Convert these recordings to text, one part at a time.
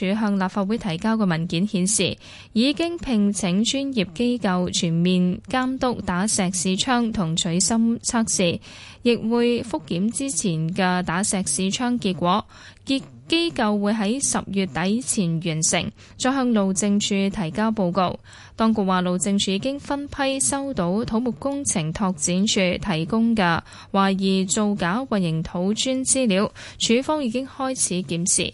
署向立法會提交嘅文件顯示，已經聘請專業機構全面監督打石屎樁同取芯測試，亦會複檢之前嘅打石屎樁結果。機構會喺十月底前完成，再向路政署提交報告。當局話，路政署已經分批收到土木工程拓展署提供嘅懷疑造假混凝土磚資料，署方已經開始檢視。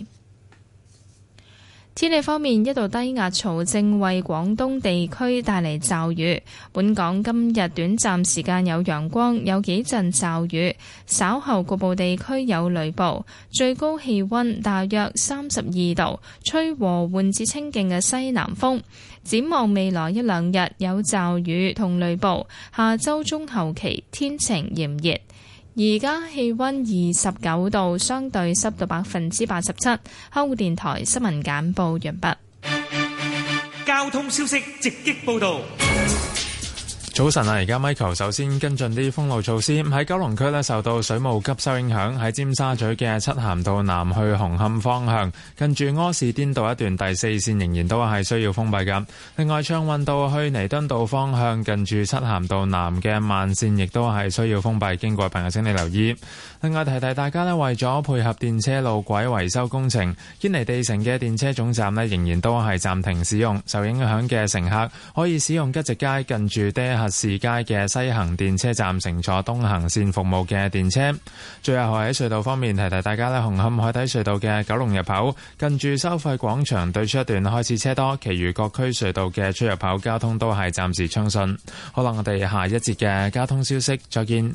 天氣方面，一道低壓槽正為廣東地區帶嚟驟雨。本港今日短暫時間有陽光，有幾陣驟雨，稍後局部地區有雷暴。最高氣温大約三十二度，吹和緩至清勁嘅西南風。展望未來一兩日有驟雨同雷暴，下周中後期天晴炎熱。而家氣溫二十九度，相對濕度百分之八十七。香港電台新聞簡報完畢。交通消息直擊報導。早晨啊！而家 Michael 首先跟進啲封路措施。喺九龍區咧，受到水務急修影響，喺尖沙咀嘅漆咸道南去紅磡方向，近住柯士甸道一段第四線仍然都係需要封閉噶。另外，暢運道去彌敦道方向，近住漆咸道南嘅慢線亦都係需要封閉，經過朋友請你留意。另外提提大家咧，為咗配合電車路軌維修工程，堅尼地城嘅電車總站呢，仍然都係暫停使用。受影響嘅乘客可以使用吉直街近住爹核士街嘅西行電車站乘坐東行線服務嘅電車。最後喺隧道方面提提大家咧，紅磡海底隧道嘅九龍入口近住收費廣場對出一段開始車多，其餘各區隧道嘅出入口交通都係暫時暢順。好啦，我哋下一節嘅交通消息再見。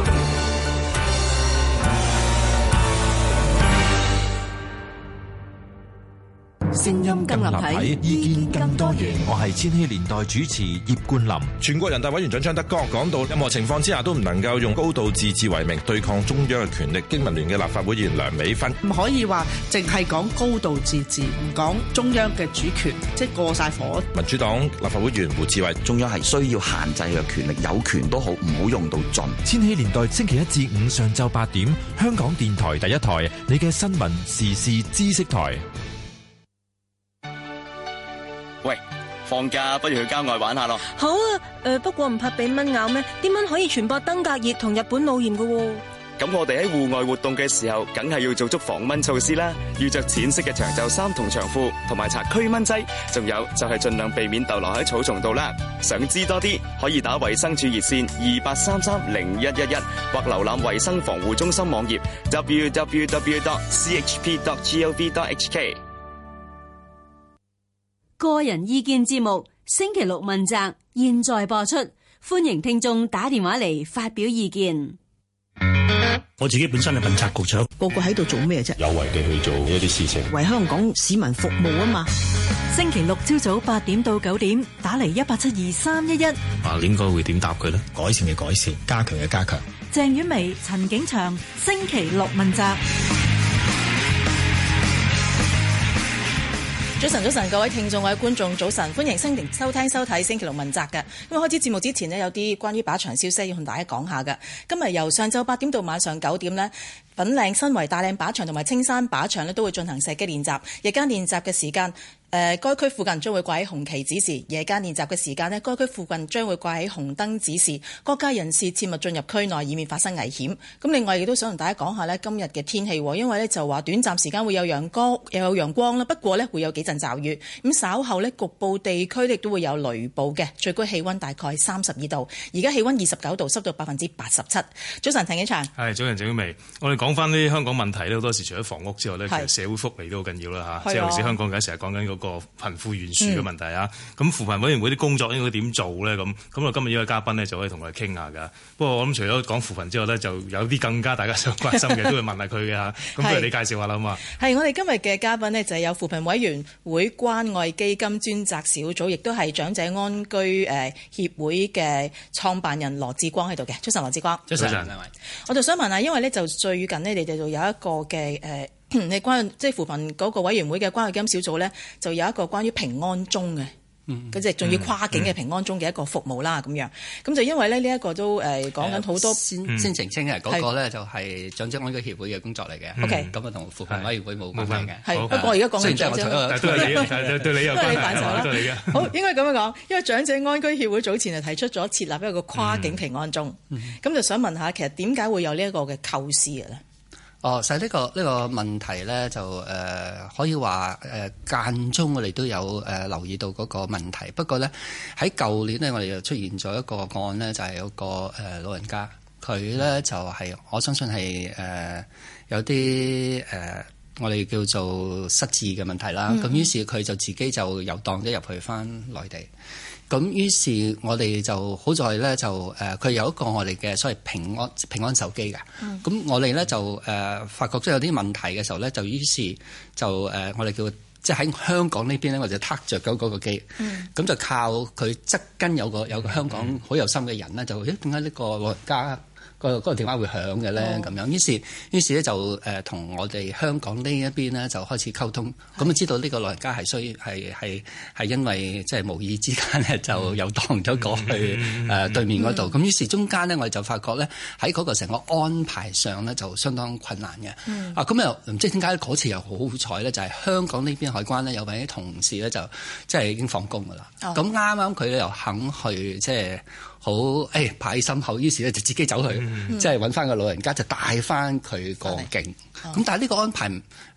聲音更，更立體，意見更多元。我係千禧年代主持葉冠霖。全國人大委員長張德江講到：任何情況之下都唔能夠用高度自治為名對抗中央嘅權力。經民聯嘅立法會議員梁美芬，唔可以話淨係講高度自治，唔講中央嘅主權，即係過晒火。民主黨立法會議員胡志偉：中央係需要限制嘅權力，有權都好，唔好用到盡。千禧年代星期一至五上晝八點，香港電台第一台，你嘅新聞時事知識台。喂，放假不如去郊外玩下咯。好啊，誒、呃，不過唔怕俾蚊咬咩？啲蚊可以傳播登革熱同日本腦炎喎。咁我哋喺戶外活動嘅時候，梗係要做足防蚊措施啦。要着淺色嘅長袖衫同長褲，同埋搽驅蚊劑。仲有就係、是、盡量避免逗留喺草叢度啦。想知多啲，可以打衛生署熱線二八三三零一一一，或瀏覽衛生防護中心網頁 www.chp.gov.hk。Www .chp 個人意見節目星期六問責，現在播出，歡迎聽眾打電話嚟發表意見。我自己本身係問責局長，個個喺度做咩啫？有為地去做一啲事情，為香港市民服務啊嘛。星期六朝早八點到九點，打嚟一八七二三一一。啊，應該會點答佢咧？改善嘅改善，加強嘅加強。鄭婉薇、陳景祥，星期六問責。早晨，早晨，各位聽眾，各位觀眾，早晨，歡迎收聽收睇星期六問責嘅。咁啊，開始節目之前呢，有啲關於靶場消息要同大家講一下嘅。今日由上晝八點到晚上九點呢，粉嶺新圍大嶺靶，靶場同埋青山靶場咧，都會進行射擊練習。日間練習嘅時間，誒、呃，該區附近將會掛喺紅旗指示；夜間練習嘅時間咧，該區附近將會掛喺紅燈指示。各界人士切勿進入區內，以免發生危險。咁另外亦都想同大家講下呢，今日嘅天氣，因為呢就話短暫時間會有陽光，又有陽光啦。不過呢，會有幾陣驟雨。咁稍後呢，局部地區亦都會有雷暴嘅。最高氣温大概三十二度，而家氣温二十九度，濕度百分之八十七。早晨，陳景祥。係，早晨，鄭婉薇。我哋講。翻啲香港問題咧，好多時除咗房屋之外咧，其實社會福利都好緊要啦嚇。即係好似香港而家成日講緊嗰個貧富懸殊嘅問題啊，咁、嗯、扶貧委員會啲工作應該點做咧？咁咁我今日呢位嘉賓咧就可以同佢傾下噶。不過我諗除咗講扶貧之外咧，就有啲更加大家想關心嘅都會問下佢嘅嚇。咁 不如你介紹下啦嘛。係我哋今日嘅嘉賓呢，就係有扶貧委員會關愛基金專責小組，亦都係長者安居誒協會嘅創辦人羅致光喺度嘅。早晨，羅致光。早晨，早晨。我就想問下，因為咧就最近呢，你哋就有一個嘅誒，你關即係扶貧嗰個委員會嘅關愛基金小組咧，就有一個關於平安鐘嘅。嗰隻仲要跨境嘅平安鐘嘅一個服務啦，咁、嗯、樣咁就因為咧呢一個都誒講緊好多先，先澄清嘅，嗰、嗯那個咧就係長者安居協會嘅工作嚟嘅。OK，咁啊同扶貧委員會冇關係嘅，係、嗯嗯、我而家講嘅就係長者安居協會嘅。對對對，你，你，你，你有關係。好，應該咁樣講， 因為長者安居協會早前就提出咗設立一個跨境平安鐘，咁就想問下，其實點解會有呢一個嘅構思嘅咧？哦，實呢、這個呢、這個問題呢，就誒、呃、可以話誒、呃、間中我哋都有誒、呃、留意到嗰個問題。不過呢，喺舊年呢，我哋就出現咗一個個案呢就係、是、有個誒、呃、老人家，佢呢就係、是、我相信係誒、呃、有啲誒、呃、我哋叫做失智嘅問題啦。咁、嗯、於是佢就自己就游蕩咗入去返內地。咁於是，我哋就好在咧，就誒佢、呃、有一個我哋嘅所謂平安平安手機嘅。咁、嗯、我哋咧就誒發覺都有啲問題嘅時候咧，就於是就誒、呃、我哋叫即喺香港呢邊咧，我就撻着咗嗰個機。咁、嗯、就靠佢側跟有個有個香港好有心嘅人咧、嗯，就誒點解呢個國家。個、那個電話會響嘅咧，咁、哦、樣，於是於是咧就誒同、呃、我哋香港呢一邊咧就開始溝通，咁啊知道呢個老人家係需係係係因為即係、就是、無意之間咧、嗯、就又當咗過去誒、嗯呃、對面嗰度，咁、嗯、於是中間咧我哋就發覺咧喺嗰個成個安排上咧就相當困難嘅、嗯。啊咁又唔知點解嗰次又好彩咧，就係、是、香港呢邊海關咧有位啲同事咧就即係、就是、已經放工㗎啦，咁啱啱佢又肯去即係。就是好，誒排心身後，於是咧就自己走去，即係揾翻個老人家就帶翻佢過境。咁但係呢個安排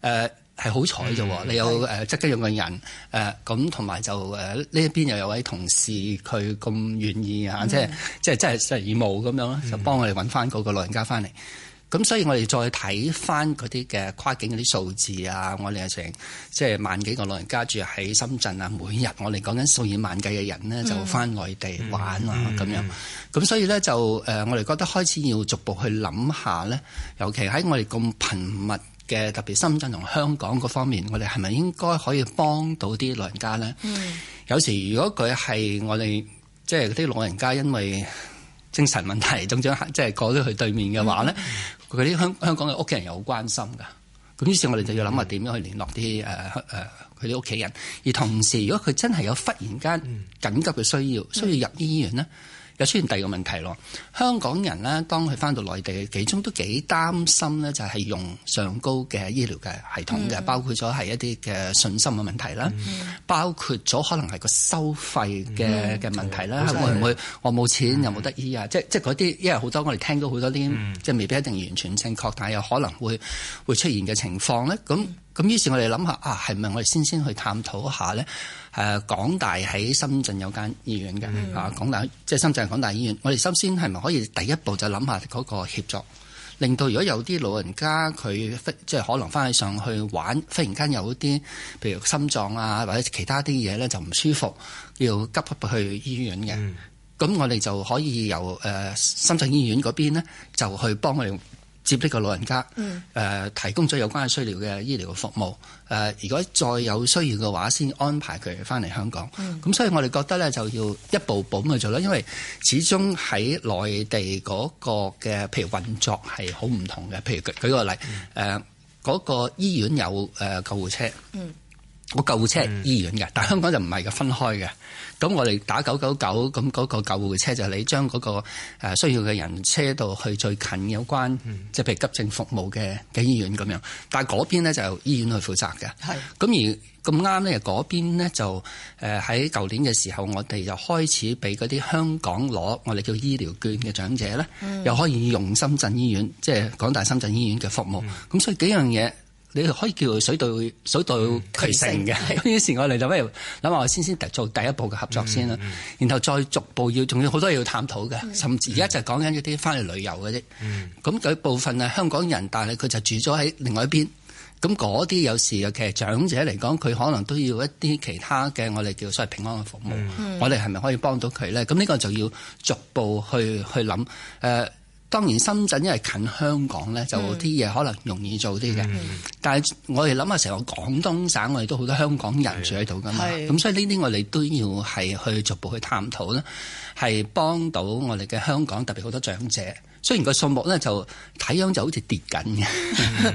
誒係好彩喎。你有誒即刻用嘅人誒咁，同、呃、埋就誒呢一邊又有位同事佢咁願意嚇、嗯，即係即係即係實義務咁樣就幫我哋揾翻嗰個老人家翻嚟。嗯嗯。咁所以我哋再睇翻嗰啲嘅跨境嗰啲數字啊，我哋成即係萬幾個老人家住喺深圳啊，每日我哋講緊數以萬計嘅人咧就翻內地玩啊咁、嗯、樣。咁所以咧就誒我哋覺得開始要逐步去諗下咧，尤其喺我哋咁頻密嘅，特別深圳同香港嗰方面，我哋係咪應該可以幫到啲老人家咧、嗯？有時如果佢係我哋即係嗰啲老人家因為精神問題，總之即係過咗去對面嘅話咧。嗯嗯佢啲香香港嘅屋企人又好關心㗎，咁於是，我哋就要諗下點樣去聯絡啲誒誒佢啲屋企人，而同時，如果佢真係有忽然間緊急嘅需要，需要入醫院咧。又出現第二個問題咯。香港人咧，當佢翻到內地，其中都幾擔心咧，就係用上高嘅醫療嘅系統嘅、嗯，包括咗係一啲嘅信心嘅問題啦、嗯，包括咗可能係個收費嘅嘅問題啦。嗯嗯嗯、我會唔會、嗯、我冇錢又冇、嗯、得醫啊？即即嗰啲因為好多我哋聽到好多啲、嗯，即未必一定完全正確，但係有可能會會出現嘅情況咧。咁咁、嗯、於是我哋諗下啊，係咪我哋先先去探討一下咧？誒、啊、港大喺深圳有間醫院嘅、mm. 啊，港大即係、就是、深圳港大醫院。我哋首先係咪可以第一步就諗下嗰個協作，令到如果有啲老人家佢即係可能翻去上去玩，忽然間有啲譬如心臟啊或者其他啲嘢咧就唔舒服，要急入去醫院嘅。咁、mm. 我哋就可以由誒、呃、深圳醫院嗰邊呢，就去幫佢。接呢個老人家，誒、呃、提供咗有關嘅需要嘅醫療嘅服務。誒、呃，如果再有需要嘅話，先安排佢翻嚟香港。咁、嗯、所以我哋覺得咧，就要一步步咁去做啦。因為始終喺內地嗰個嘅，譬如運作係好唔同嘅。譬如舉舉個例，誒、嗯、嗰、呃個醫院有誒、呃、救護車。嗯個救護車係醫院嘅、嗯，但香港就唔係嘅，分開嘅。咁我哋打九九九，咁、那、嗰個救護車就係你將嗰個誒需要嘅人車到去最近有關，即、嗯、係譬如急症服務嘅嘅醫院咁樣。但係嗰邊呢，就由醫院去負責嘅。係咁而咁啱呢，嗰邊呢，就誒喺舊年嘅時候，我哋就開始俾嗰啲香港攞我哋叫醫療券嘅長者咧、嗯，又可以用深圳醫院，即係港大深圳醫院嘅服務。咁、嗯、所以幾樣嘢。你可以叫水到水到渠成嘅、嗯，於是我哋就不如諗下我先先，做第一步嘅合作先啦、嗯嗯，然後再逐步要，仲要好多嘢要探討嘅、嗯，甚至而家就講緊一啲翻嚟旅遊嘅啫。咁、嗯、佢、那個、部分係香港人，但係佢就住咗喺另外一邊。咁嗰啲有時尤其係長者嚟講，佢可能都要一啲其他嘅我哋叫所謂平安嘅服務。嗯、我哋係咪可以幫到佢咧？咁呢個就要逐步去去諗，呃當然深圳因為近香港咧、嗯，就有啲嘢可能容易做啲嘅、嗯。但係我哋諗下成個廣東省，我哋都好多香港人住喺度噶嘛。咁所以呢啲我哋都要係去逐步去探討，呢係幫到我哋嘅香港，特別好多長者。雖然個數目咧就睇樣就好似跌緊嘅，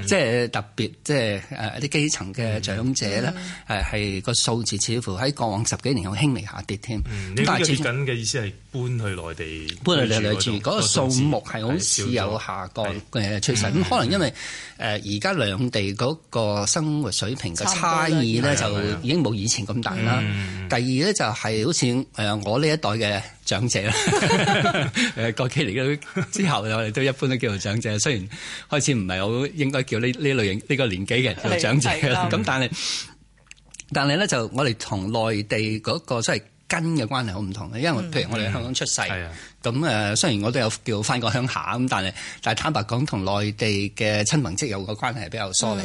即、嗯、係 特別即係一啲基層嘅長者咧，係、嗯、個數字似乎喺過往十幾年有輕微下跌添、嗯。但係跌緊嘅意思係搬去內地，搬去內地住，嗰、那個數目係好似有下降嘅趨勢。咁、嗯嗯、可能因為誒而家兩地嗰個生活水平嘅差異咧，就已經冇以前咁大啦、嗯嗯。第二咧就係好似我呢一代嘅。長者啦，誒， 過幾年之後，我哋都一般都叫做長者。雖然開始唔係好應該叫呢呢類型呢、這個年紀嘅人叫長者咁但係、嗯、但係咧就我哋同內地嗰個，即係。根嘅關係好唔同嘅，因為譬如我哋香港出世，咁、嗯、誒、嗯、雖然我都有叫翻個鄉下咁，但係但係坦白講，同內地嘅親朋戚友嘅關係係比較疏離。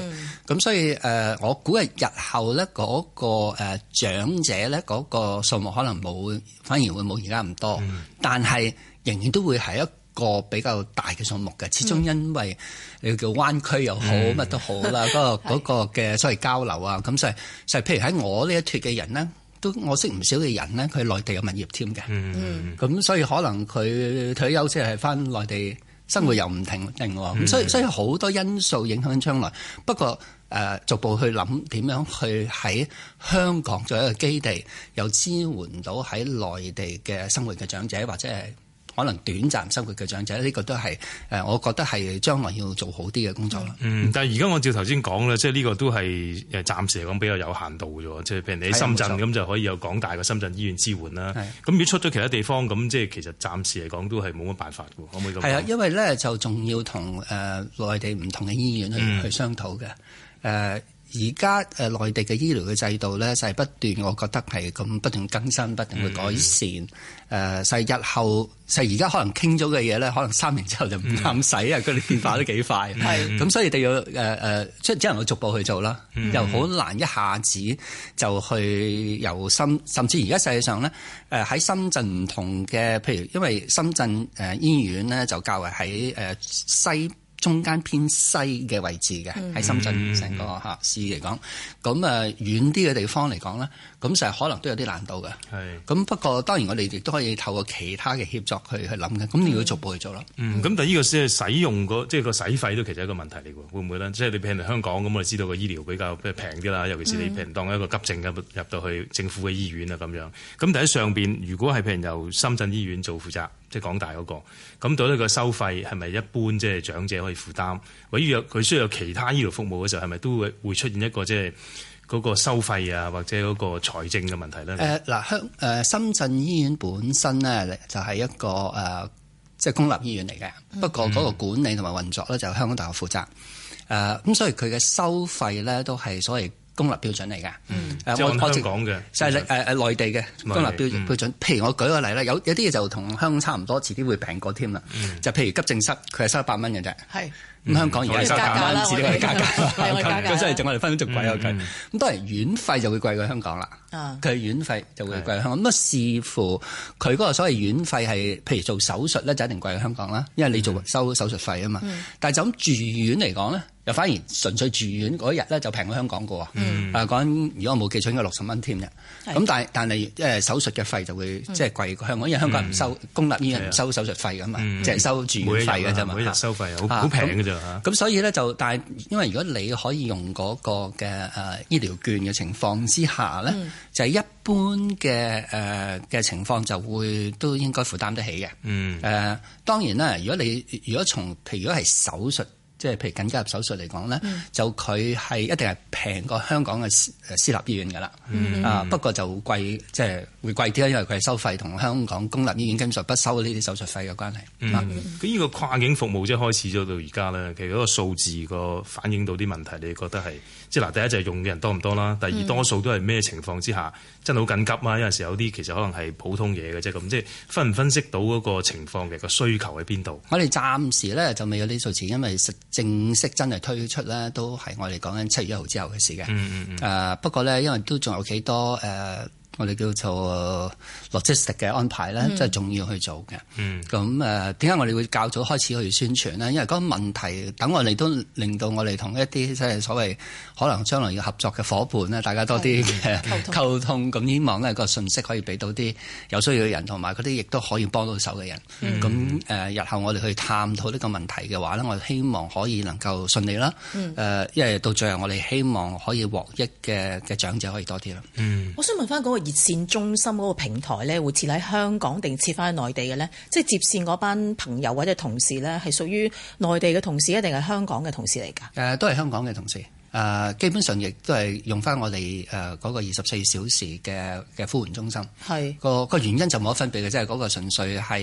咁、嗯、所以誒，我估計日後咧嗰、那個誒長者咧嗰個數目可能冇，反而會冇而家咁多。嗯、但係仍然都會係一個比較大嘅數目嘅，始終因為、嗯、你叫灣區又好乜、嗯、都好啦，嗰、那個嗰嘅、那個、所謂交流啊，咁、嗯、所以就係譬如喺我呢一脱嘅人呢。我識唔少嘅人咧，佢內地有物業添嘅，咁、嗯、所以可能佢退休即係翻內地、嗯、生活又唔停停，咁、嗯、所以所以好多因素影響將來。不過誒、呃，逐步去諗點樣去喺香港做一個基地，又支援到喺內地嘅生活嘅長者或者係。可能短暫生活嘅長者，呢、這個都係、呃、我覺得係將來要做好啲嘅工作咯。嗯，但係而家我照頭先講呢，即係呢個都係誒暫時嚟講比較有限度嘅啫。即係譬如你喺深圳咁，就可以有港大嘅深圳醫院支援啦。咁如果出咗其他地方，咁即係其實暫時嚟講都係冇乜辦法，可唔可以咁？係啊，因為咧就仲要同誒、呃、內地唔同嘅醫院去、嗯、去商討嘅而家誒內地嘅醫療嘅制度咧，就係不斷，我覺得係咁不斷更新，不斷去改善。就、嗯、係、呃、日後，係而家可能傾咗嘅嘢咧，可能三年之後就唔啱使啊！佢哋變化都幾快。係、嗯，咁、嗯、所以都要誒誒，即、呃、係只能夠逐步去做啦、嗯。又好難一下子就去由深，甚至而家世界上咧，誒、呃、喺深圳唔同嘅，譬如因為深圳誒醫院咧就較為喺誒、呃、西。中間偏西嘅位置嘅喺、嗯、深圳成個嚇市嚟講，咁、嗯、誒遠啲嘅地方嚟講咧，咁就係可能都有啲難度嘅。係咁，不過當然我哋亦都可以透過其他嘅協作去去諗嘅。咁、嗯、你要逐步去做咯。嗯，咁、嗯、但係呢個先係使用個即係個使費都其實一個問題嚟喎，會唔會咧？即係你譬如香港咁，我哋知道個醫療比較平啲啦，尤其是你譬如當一個急症嘅入到去政府嘅醫院啊咁樣。咁但係喺上邊，如果係譬如由深圳醫院做負責。即係港大嗰、那個，咁到底個收費係咪一般，即係長者可以負擔，或者有佢需要有其他醫療服務嘅時候，係咪都會會出現一個即係嗰個收費啊，或者嗰個財政嘅問題咧？誒、呃、嗱，香、呃、誒深圳醫院本身咧就係一個誒即係公立醫院嚟嘅、嗯。不過嗰個管理同埋運作咧就香港大學負責誒，咁、呃，所以佢嘅收費咧都係所謂，公立標準嚟嘅，即、嗯、係我開始講嘅，就係誒誒內地嘅公立標標準、嗯。譬如我舉個例啦，有有啲嘢就同香港差唔多，遲啲會平過添啦、嗯。就譬如急症室，佢係收一百蚊嘅啫。係咁香港而家加價啦，遲啲會加價。所以就我哋分到仲貴喎佢。咁、嗯、當然院費就會貴過香港啦。佢、嗯、院費就會貴過香港。咁、嗯、啊，視乎佢嗰個所謂院費係，譬如做手術咧，就一定貴過香港啦，因為你做收手術費啊嘛。嗯、但係就咁住院嚟講咧。又反而純粹住院嗰一日咧就平過香港嘅、嗯，啊講如果我冇記錯應該六十蚊添啫。咁但係但係即、呃、手術嘅費就會、嗯、即係貴過香港，因為香港唔收、嗯、公立醫院唔收手術費㗎嘛，即、嗯、係收住院費㗎啫嘛。每日收費好平嘅啫。咁所以咧就但係因為如果你可以用嗰個嘅誒、呃、醫療券嘅情況之下咧、嗯，就係、是、一般嘅誒嘅情況就會都應該負擔得起嘅。誒、嗯呃、當然啦，如果你如果從譬如如果係手術。即係譬如緊急入手術嚟講咧，就佢係一定係平過香港嘅私立醫院㗎啦。啊、嗯，不過就貴，即、就、係、是、會貴啲啦，因為佢係收費同香港公立醫院跟住不收呢啲手術費嘅關係。咁、嗯、呢、嗯嗯、個跨境服務即係開始咗到而家咧，其實嗰個數字個反映到啲問題，你覺得係即係嗱，第一就係用嘅人多唔多啦？第二多數都係咩情況之下真係好緊急啊、嗯？有陣時候有啲其實可能係普通嘢嘅啫咁，即係分唔分析到嗰個情況嘅、嗰個需求喺邊度？我哋暫時咧就未有呢數字，因為實正式真係推出咧，都係我哋講緊七月一號之後嘅事嘅、嗯嗯嗯。誒，不過咧，因為都仲有幾多、呃我哋叫做 logistic 嘅安排咧、嗯，即係仲要去做嘅。咁誒點解我哋會較早開始去宣傳咧？因為嗰個問題等我哋都令到我哋同一啲即係所謂可能將來要合作嘅伙伴咧，大家多啲溝通，溝通咁，希望咧個信息可以俾到啲有需要嘅人，同埋嗰啲亦都可以幫到手嘅人。咁、嗯、誒日後我哋去探討呢個問題嘅話咧，我希望可以能夠順利啦。誒、嗯、因為到最後我哋希望可以獲益嘅嘅長者可以多啲啦。嗯，我想問翻嗰、嗰個熱線中心嗰個平台咧，會設喺香港定設翻喺內地嘅咧？即係接線嗰班朋友或者同事咧，係屬於內地嘅同事，一定係香港嘅同事嚟㗎？誒，都係香港嘅同事。誒、呃呃，基本上亦都係用翻我哋誒嗰個二十四小時嘅嘅呼援中心。係、嗰個、嗰個原因就冇得分別嘅，即係嗰個純粹係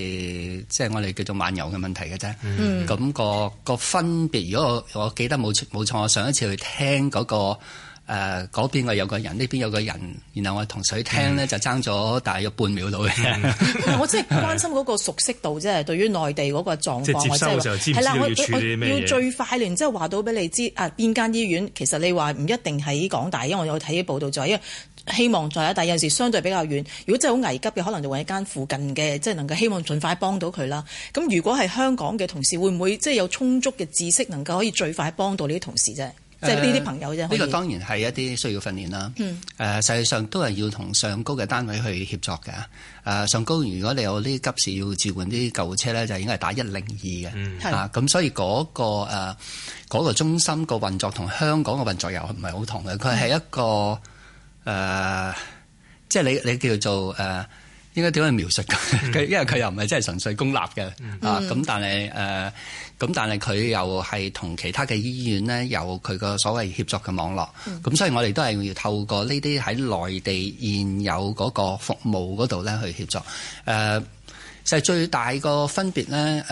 即係我哋叫做漫遊嘅問題嘅啫。咁、嗯嗰個、嗰個分別，如果我，我記得冇錯冇錯，我上一次去聽嗰、嗰個。誒、呃、嗰邊有個人，呢邊有個人，然後我同水聽呢、嗯、就爭咗大約半秒到嘅。嗯、 我即係關心嗰個熟悉度啫， 對於內地嗰個狀況，我真係話。係啦，我要最快咧，即係話到俾你知啊，邊間醫院？其實你話唔一定喺港大，因為我有睇報道就係，因為希望在啦。但有陣時候相對比較遠，如果真係好危急嘅，可能就揾一間附近嘅，即、就、係、是、能夠希望盡快幫到佢啦。咁如果係香港嘅同事，會唔會即係、就是、有充足嘅知識，能夠可以最快幫到呢啲同事啫？即係呢啲朋友啫。呢、呃，這個當然係一啲需要訓練啦。誒、嗯，實、啊、際上都係要同上高嘅單位去協作嘅。誒、啊，上高如果你有啲急事要召喚啲救護車咧，就應該係打一零二嘅。啊，咁所以嗰、那個誒、啊那個、中心個運作同香港嘅運作又係唔係好同嘅？佢係一個誒，即、啊、係、就是、你你叫做誒、啊，應該點樣去描述佢、嗯？因為佢又唔係真係純粹公立嘅、嗯、啊。咁但係誒。啊咁但係佢又係同其他嘅醫院呢，有佢個所謂協作嘅網絡。咁、嗯、所以我哋都係要透過呢啲喺內地現有嗰個服務嗰度呢去協作。誒就係最大個分別呢，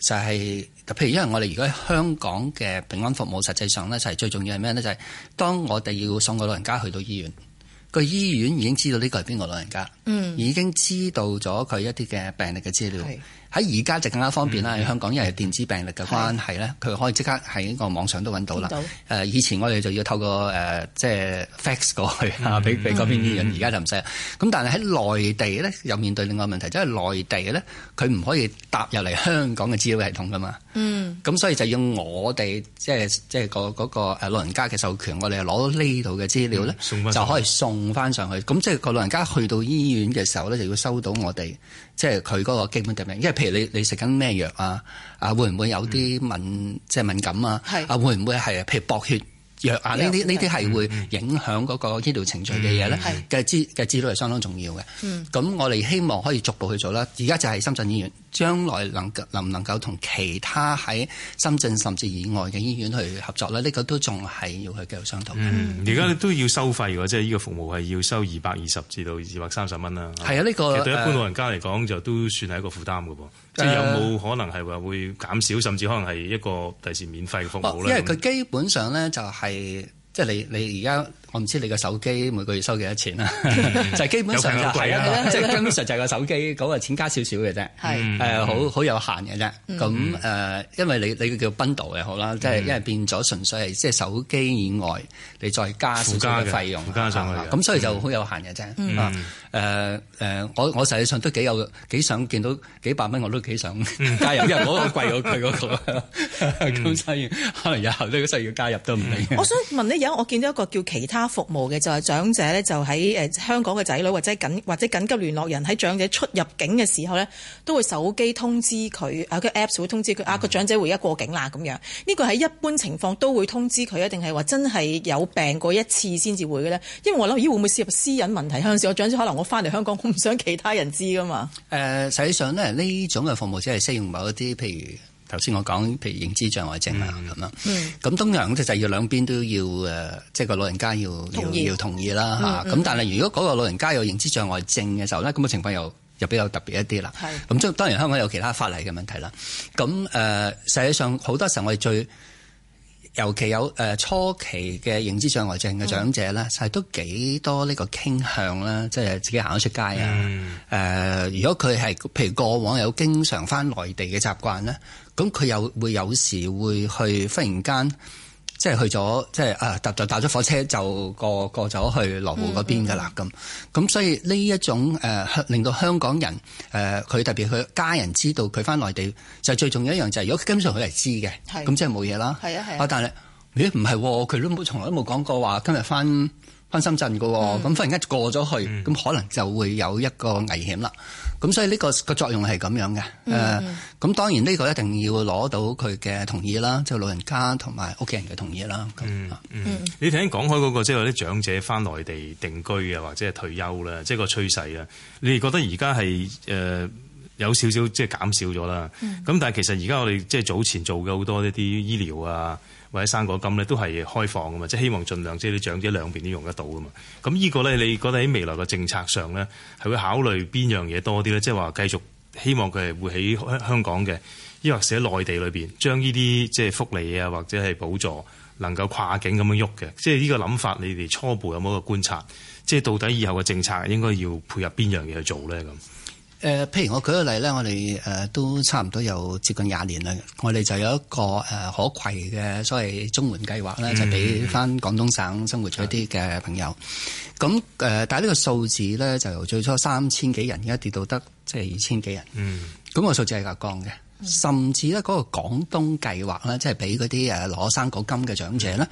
誒就係、是，譬如因為我哋如果香港嘅平安服務，實際上呢，就係最重要係咩呢？就係當我哋要送個老人家去到醫院，個醫院已經知道呢個係邊個老人家，嗯，已經知道咗佢一啲嘅病歷嘅資料。喺而家就更加方便啦！喺香港，因為電子病歷嘅關係咧，佢、嗯、可以即刻喺呢個網上都揾到啦。以前我哋就要透過誒即係 fax 過去畀俾俾嗰邊醫院，而家、嗯、就唔使。咁但係喺內地咧，又面對另外一個問題，即係內地咧，佢唔可以踏入嚟香港嘅資料系統噶嘛。嗯。咁所以就要我哋即係即係嗰個老人家嘅授權，我哋攞呢度嘅資料咧、嗯，就可以送翻上去。咁即係個老人家去到醫院嘅時候咧，就要收到我哋即係佢嗰個基本疾病。因譬如你你食緊咩藥啊啊會唔會有啲敏、嗯、即係敏感啊啊會唔會係譬如薄血藥啊呢啲呢啲係會影響嗰個醫療程序嘅嘢咧嘅資嘅資料係相當重要嘅。咁我哋希望可以逐步去做啦。而家就係深圳醫院。將來能能唔能夠同其他喺深圳甚至以外嘅醫院去合作咧？呢個都仲係要去繼續商討。嗯，而家都要收費㗎，即係呢個服務係要收二百二十至到二百三十蚊啦。係啊，呢個其實對一般老人家嚟講就都算係一個負擔㗎噃。即係有冇可能係話會減少，甚至可能係一個第時免費嘅服務咧、呃？因為佢基本上咧就係即係你你而家。我唔知你個手機每個月收幾多錢啦，嗯、 就基本上就係、是，即係、啊就是、基本上就係個手機嗰 個錢加少少嘅啫，係誒好好有限嘅啫。咁、嗯、誒、嗯呃，因為你你叫 bundle 又好啦，即、嗯、係因為變咗純粹係即係手機以外，你再加少少嘅費用，咁、嗯、所以就好有限嘅啫。誒、嗯、誒、嗯呃，我我實際上都幾有幾想見到幾百蚊、嗯，我都幾想加入，因為嗰個貴嗰個嗰個，咁、 嗯、 所以可能日後都要需要加入都唔理、嗯。 我想問你，有我見到一個叫其他。家服務嘅就係長者咧，就喺誒香港嘅仔女或者緊或者緊急聯絡人喺長者出入境嘅時候咧，都會手機通知佢啊 apps 會通知佢，、嗯、啊個長者會一過境啦咁樣。呢、這個喺一般情況都會通知佢啊，定係話真係有病過一次先至會嘅咧？因為我諗咦會唔會涉及私隱問題？有陣時我長者可能我翻嚟香港，我唔想其他人知噶嘛。誒、呃，實際上咧呢種嘅服務只係適用某一啲譬如。頭先我講，譬如認知障礙症啊，咁、嗯、樣，咁、嗯、當然嗰啲就要兩邊都要誒，即、就、係、是嗯嗯、個老人家要同意，要同意啦嚇。咁但係如果嗰個老人家有認知障礙症嘅時候咧，咁嘅情況又又比較特別一啲啦。咁中當然香港有其他法例嘅問題啦。咁誒，實際上好多時候我哋最。尤其有誒、呃、初期嘅認知障礙症嘅長者咧，嗯、係都幾多呢個傾向啦，即係自己行咗出街啊！誒、嗯呃，如果佢係譬如過往有經常返內地嘅習慣咧，咁佢又會有時會去忽然間。即係去咗，即係啊搭就搭咗火車就過過咗去羅湖嗰邊噶啦咁，咁、嗯、所以呢一種誒、呃、令到香港人誒佢、呃、特別佢家人知道佢翻內地就最重要一樣就係、是、如果根本上佢係知嘅，咁即係冇嘢啦。但係咦唔係，佢都冇，從來都冇講過話今日翻。翻深圳噶，咁忽然間過咗去，咁可能就會有一個危險啦。咁、嗯、所以呢個個作用係咁樣嘅。誒、嗯，咁、呃、當然呢個一定要攞到佢嘅同意啦，即係老人家同埋屋企人嘅同意啦。咁、嗯嗯嗯、你頭先講開嗰個，即係有啲長者翻內地定居啊，或者係退休啦，即係個趨勢呀。你哋覺得而家係誒有少少即係減少咗啦。咁、嗯、但係其實而家我哋即係早前做嘅好多呢啲醫療啊。或者生果金咧都係開放噶嘛，即係希望盡量即係啲長者兩邊都用得到噶嘛。咁呢個咧，你覺得喺未來嘅政策上咧，係會考慮邊樣嘢多啲咧？即係話繼續希望佢係會喺香港嘅，抑或係喺內地裏邊，將呢啲即係福利啊或者係補助能夠跨境咁樣喐嘅。即係呢個諗法，你哋初步有冇一個觀察？即係到底以後嘅政策應該要配合邊樣嘢去做咧咁？誒、呃，譬如我舉個例咧，我哋誒、呃、都差唔多有接近廿年啦，我哋就有一個誒、呃、可攜嘅所謂綜援計劃咧、嗯，就俾、是、翻廣東省生活咗啲嘅朋友。咁、嗯、誒、呃，但係呢個數字咧，就由最初三千幾人，而家跌到得即係二千幾人。嗯。咁、那個數字係下降嘅、嗯，甚至咧嗰個廣東計劃咧，即係俾嗰啲誒攞生果金嘅長者咧、嗯，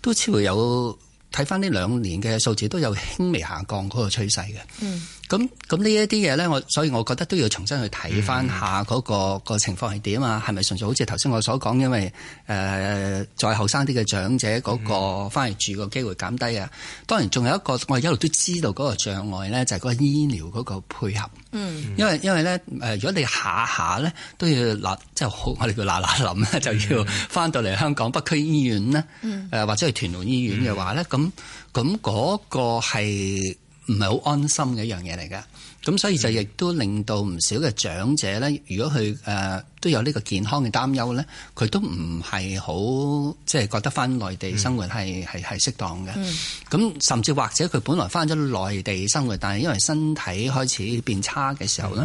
都似乎有。睇翻呢兩年嘅數字都有輕微下降嗰個趨勢嘅，咁咁呢一啲嘢咧，我所以我覺得都要重新去睇翻下嗰個、嗯、情況係點啊，係咪純粹好似頭先我所講，因為誒、呃、再後生啲嘅長者嗰、嗰個翻嚟、嗯、住個機會減低啊、嗯？當然仲有一個我一路都知道嗰個障礙咧，就係嗰個醫療嗰個配合，嗯、因為因為咧、呃、如果你下下咧都要嗱，即係我哋叫嗱嗱臨，咧，就係快快嗯、 就要翻到嚟香港北區醫院咧、嗯，或者係屯門醫院嘅話咧，咁、嗯。嗯咁嗰個係唔係好安心嘅一樣嘢嚟噶？咁所以就亦都令到唔少嘅長者咧，如果去誒。都有呢個健康嘅擔憂咧，佢都唔係好即係覺得翻內地生活係係係適當嘅。咁、嗯、甚至或者佢本來翻咗內地生活，但係因為身體開始變差嘅時候咧，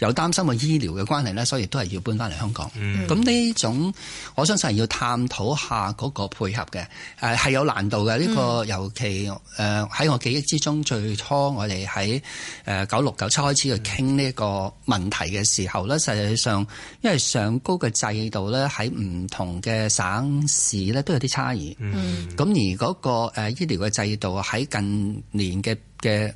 又、嗯、擔心個醫療嘅關係咧，所以都係要搬翻嚟香港。咁、嗯、呢種我相信要探討下嗰個配合嘅，誒係有難度嘅呢個。尤其誒喺我記憶之中，嗯、最初我哋喺誒九六九七開始去傾呢一個問題嘅時候咧、嗯，實際上因為上高嘅制度咧，喺唔同嘅省市咧都有啲差異。咁、嗯、而嗰個醫療嘅制度喺近年嘅嘅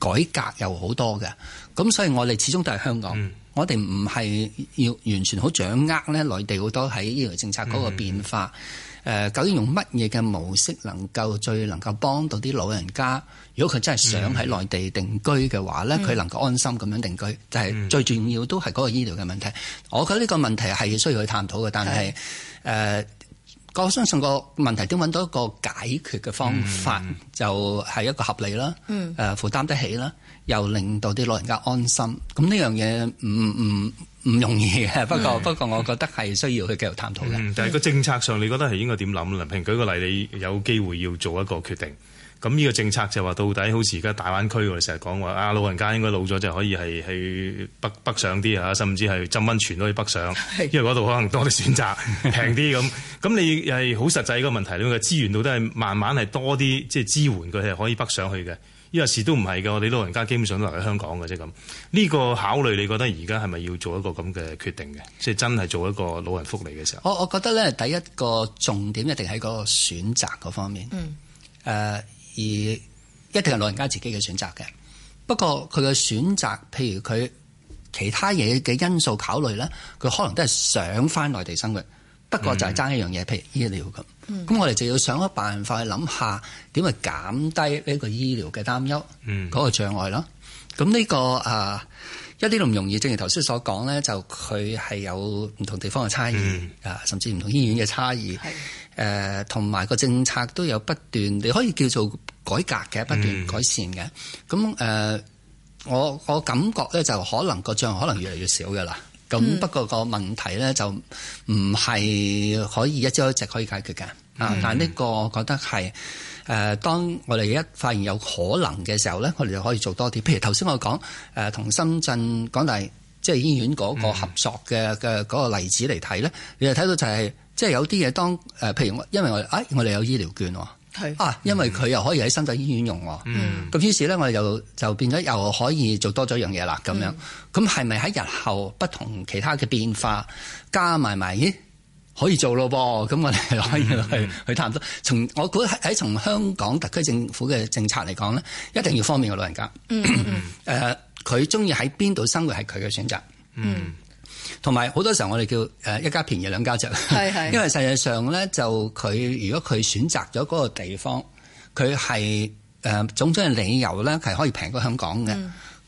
改革又好多嘅。咁所以我哋始終都係香港，嗯、我哋唔係要完全好掌握咧內地好多喺醫療政策嗰個變化。嗯嗯嗯誒究竟用乜嘢嘅模式能夠最能夠幫到啲老人家？如果佢真係想喺內地定居嘅話咧，佢、嗯、能夠安心咁樣定居，嗯、就係、是、最重要都係嗰個醫療嘅問題、嗯。我覺得呢個問題係需要去探討嘅，但係誒、呃，我相信個問題點搵到一個解決嘅方法，嗯、就係、是、一個合理啦，誒、嗯、負擔得起啦，又令到啲老人家安心。咁呢樣嘢，嗯嗯。唔容易嘅，不過不過我覺得係需要去繼續探討嘅、嗯。但係個政策上，你覺得係應該點諗咧？譬如舉個例，你有機會要做一個決定，咁呢個政策就話到底，好似而家大灣區我哋成日講話啊，老人家應該老咗就可以係去北北上啲啊，甚至係浸溫泉都可以北上，因為嗰度可能多啲選擇，平啲咁。咁 你係好實際個問題，你個資源度都係慢慢係多啲，即係支援佢係可以北上去嘅。呢個事都唔係嘅，我哋老人家基本上都留喺香港嘅啫咁。呢個考慮，你覺得而家係咪要做一個咁嘅決定嘅？即係真係做一個老人福利嘅時候。我我覺得咧，第一個重點一定喺嗰個選擇嗰方面。嗯。誒，而一定係老人家自己嘅選擇嘅。不過佢嘅選擇，譬如佢其他嘢嘅因素考慮咧，佢可能都係想返內地生活。不過就係爭一樣嘢，嗯，譬如醫療咁，咁，嗯，我哋就要想一個辦法去諗下點去減低呢個醫療嘅擔憂，嗰，嗯嗰個障礙啦。咁呢，呢個啊，呃，一啲都唔容易。正如頭先所講咧，就佢係有唔同地方嘅差異啊，嗯，甚至唔同醫院嘅差異。誒，同埋個政策都有不斷，你可以叫做改革嘅，不斷改善嘅。咁，嗯，誒，呃，我我感覺咧就可能個障礙可能越嚟越少噶啦。咁不過個問題咧，就唔係可以一朝一夕可以解決嘅啊、嗯！但呢個我覺得係誒，當我哋一發現有可能嘅時候咧，我哋就可以做多啲。譬如頭先我講誒，同深圳港大即係醫院嗰個合作嘅嘅嗰個例子嚟睇咧，你就睇到就係即係有啲嘢當誒，譬如因為我哋啊、哎，我哋有醫療券喎。啊！因為佢又可以喺深圳醫院用喎，咁、嗯、於是咧，我又就變咗又可以做多咗一樣嘢啦。咁樣咁係咪喺日後不同其他嘅變化加埋埋，可以做咯噃？咁我哋可以去去探討。從、嗯、我估喺從香港特區政府嘅政策嚟講咧，一定要方便個老人家。誒、嗯嗯，佢中意喺邊度生活係佢嘅選擇。嗯。同埋好多時候，我哋叫誒一家便宜兩家著，係係係因為實際上咧，就佢如果佢選擇咗嗰個地方，佢係誒種種嘅理由咧，係可以平過香港嘅。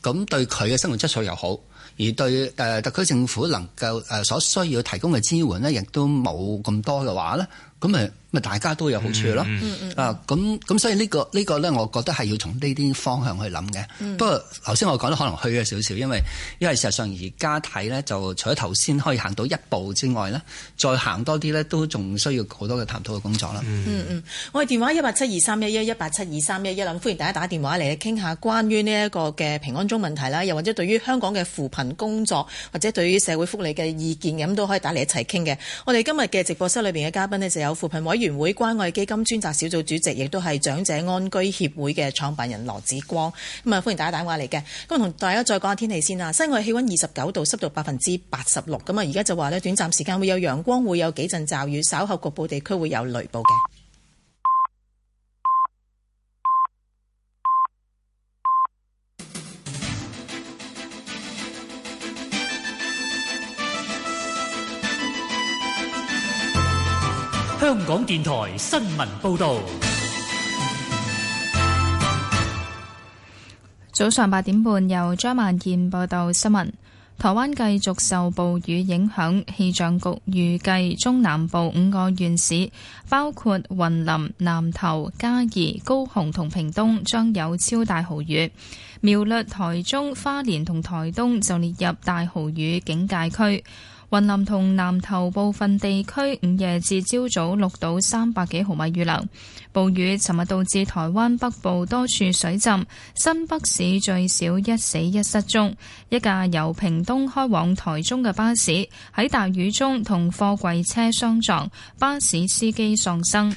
咁、嗯、對佢嘅生活質素又好，而對誒、呃、特區政府能夠誒、呃、所需要提供嘅支援咧，亦都冇咁多嘅話咧。咁咪咪大家都有好處咯，嗯嗯嗯、啊咁咁所以呢、呢個呢、呢個咧，我覺得係要從呢啲方向去諗嘅、嗯。不過頭先我講得可能虛嘅少少，因為因為事實上而家睇咧，就除咗頭先可以行到一步之外咧，再行多啲咧，都仲需要好多嘅探討嘅工作啦。嗯嗯，我哋電話一八七二三一一一八七二三一一啦，歡迎大家打電話嚟傾下關於呢一個嘅平安鐘問題啦，又或者對於香港嘅扶貧工作或者對於社會福利嘅意見咁都可以打嚟一齊傾嘅。我哋今日嘅直播室裏邊嘅嘉賓呢，就有扶貧委員會關愛基金專責小組主席，亦都係長者安居協會嘅創辦人羅致光，咁啊歡迎大家打電話嚟嘅。咁同大家再講下天氣先啦。室外氣溫二十九度，濕度百分之八十六。咁啊，而家就話咧，短暫時間會有陽光，會有幾陣驟雨，稍後局部地區會有雷暴嘅。香港電台新聞報道。早上八點半，由張萬燕報道新聞。台灣繼續受暴雨影響，氣象局預計中南部五個縣市，包括雲林、南投、嘉義、高雄同屏東，將有超大豪雨。苗栗、台中、花蓮同台東就列入大豪雨警戒區。雲南同南投部分地區午夜至朝早錄到三百幾毫米雨量，暴雨尋日導致台灣北部多處水浸，新北市最少一死一失蹤，一架由屏東開往台中嘅巴士喺大雨中同貨櫃車相撞，巴士司機喪生。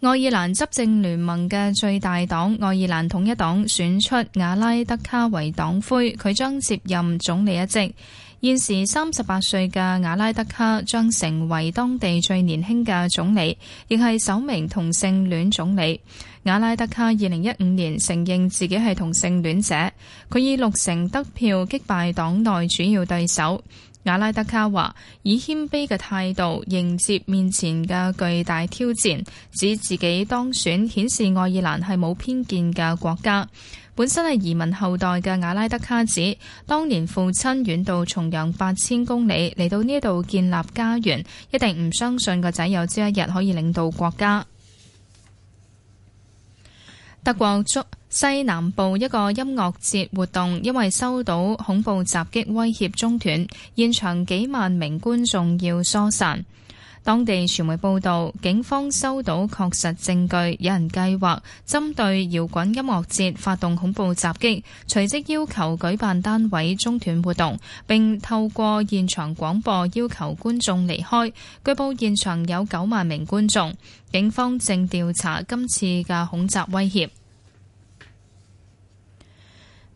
愛爾蘭執政聯盟嘅最大黨愛爾蘭統一黨選出瓦拉德卡為黨魁，佢將接任總理一職。現時三十八歲嘅瓦拉德卡將成為當地最年輕嘅總理，亦係首名同性戀總理。瓦拉德卡二零一五年承認自己係同性戀者，佢以六成得票擊敗黨內主要對手。阿拉德卡話以謙卑嘅態度迎接面前嘅巨大挑戰，指自己當選顯示愛爾蘭係冇偏見嘅國家。本身係移民後代嘅阿拉德卡指，當年父親遠渡重洋八千公里嚟到呢度建立家園，一定唔相信個仔有朝一日可以領導國家。法國中西南部一個音樂節活動，因為收到恐怖襲擊威脅中斷，現場幾萬名觀眾要疏散。當地傳媒報道，警方收到確實證據，有人計劃針對搖滾音樂節發動恐怖襲擊，隨即要求舉辦單位中斷活動，並透過現場廣播要求觀眾離開。據報現場有九萬名觀眾，警方正調查今次嘅恐襲威脅。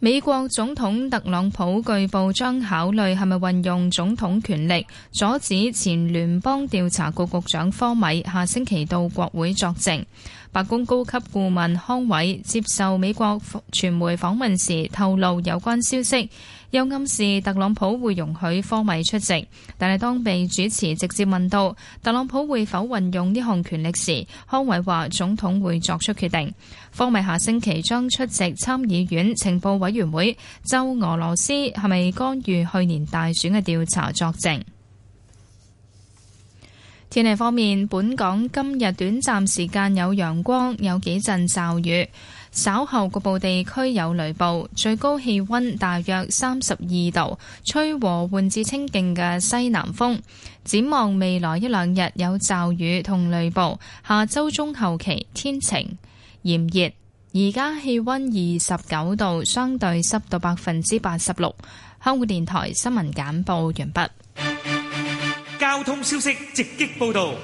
美國總統特朗普據報將考慮係咪運用總統權力，阻止前聯邦調查局局長科米下星期到國會作證。白宮高級顧問康偉接受美國傳媒訪問時透露有關消息。有暗示特朗普會容許科米出席，但係當被主持直接問到特朗普會否運用呢項權力時，康偉話總統會作出決定。科米下星期將出席參議院情報委員會，就俄羅斯係咪干預去年大選嘅調查作證。天氣方面，本港今日短暫時間有陽光，有幾陣驟雨。稍後局部地區有雷暴，最高氣溫大約三十二度，吹和緩至清勁嘅西南風。展望未來一兩日有驟雨同雷暴，下周中後期天晴炎熱。而家氣温二十九度，相對濕度百分之八十六。香港電台新聞簡報完畢。交通消息直擊報道。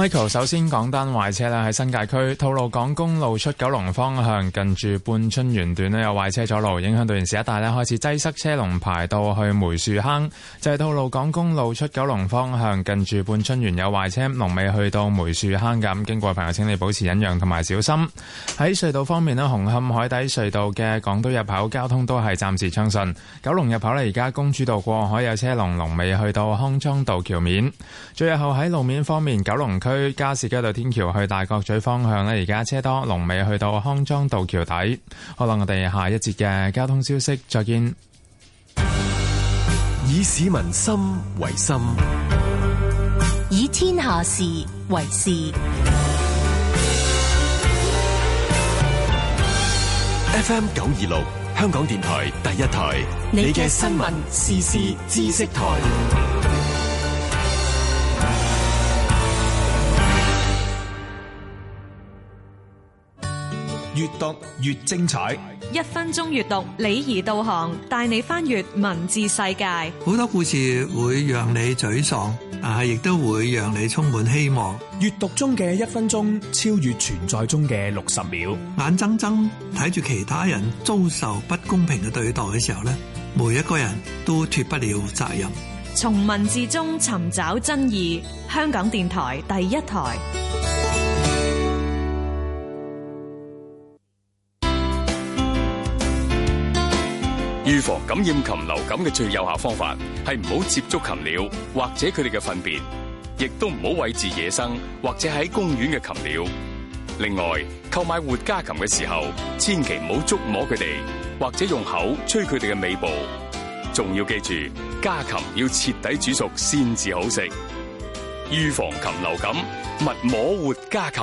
Michael 首先講單壞車啦，喺新界區吐露港公路出九龍方向，近住半春園段咧有壞車阻路，影響到沿線一帶呢開始擠塞，車龍排到去梅樹坑。就係吐露港公路出九龍方向，近住半春園有壞車，龍尾去到梅樹坑，咁，經過朋友請你保持忍讓同埋小心。喺隧道方面咧，紅磡海底隧道嘅港島入口交通都係暫時暢順，九龍入口呢，而家公主道過海有車龍，龍尾去到康莊道橋面。最後喺路面方面，九龍區去加士居道天橋去大角咀方向咧，而家車多龍，龍尾去到康莊道橋底。好啦，我哋下一節嘅交通消息，再見。以市民心為心，以天下事為事。FM 九二六，香港電台第一台，你嘅新聞時事知識台。閱讀越精彩，一分鐘閱讀禮儀導航帶你翻閱文字世界。好多故事會讓你沮喪，但係亦都會讓你充滿希望。閱讀中嘅一分鐘，超越存在中嘅六十秒。眼睜睜睇住其他人遭受不公平嘅對待嘅時候呢，每一個人都脱不了責任。從文字中尋找真意，香港電台第一台。預防感染禽流感嘅最有效方法係唔好接觸禽鳥，或者佢哋嘅糞便，亦都唔好餵飼野生或者喺公園嘅禽鳥。另外，購買活家禽嘅時候，千祈唔好觸摸佢哋，或者用口吹佢哋嘅尾部。仲要記住，家禽要徹底煮熟先至好食。預防禽流感，勿摸活家禽。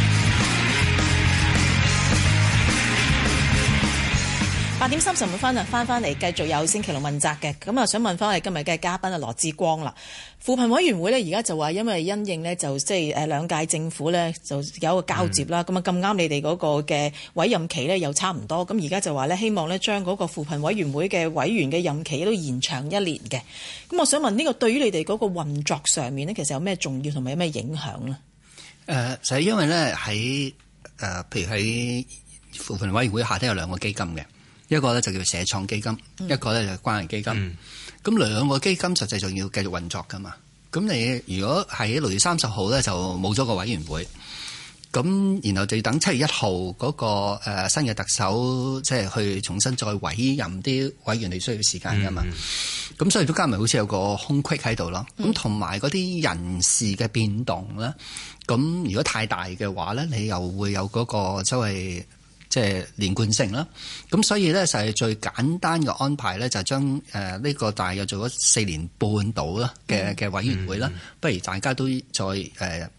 八點三十五分啊，翻翻嚟繼續有星期六問責嘅咁啊，想問翻我哋今日嘅嘉賓啊，羅致光啦，扶貧委員會呢，而家就話因為因應呢，就即係誒兩屆政府呢，就有一個交接啦。咁、嗯、啊，咁啱你哋嗰個嘅委任期呢，又差唔多，咁而家就話呢，希望呢將嗰個扶貧委員會嘅委員嘅任期都延長一年嘅。咁我想問呢個對於你哋嗰個運作上面呢，其實有咩重要同埋有咩影響咧？誒、呃，就係因為呢，喺、呃、誒，譬如喺扶貧委員會下邊有兩個基金嘅。一個咧就叫社創基金，一個咧就關愛基金。咁、嗯、兩個基金實際上要繼續運作噶嘛？咁你如果喺六月三十號咧就冇咗個委員會，咁然後就要等七月一號嗰個誒新嘅特首即係、就是、去重新再委任啲委員，你需要時間噶嘛？咁、嗯、所以都加埋好似有個空隙喺度咯。咁同埋嗰啲人事嘅變動咧，咁如果太大嘅話咧，你又會有嗰個周圍。即、就、係、是、連貫性啦，咁所以咧就係最簡單嘅安排咧，就將誒呢個大約做咗四年半到啦嘅嘅委員會啦、嗯嗯嗯，不如大家都再誒。呃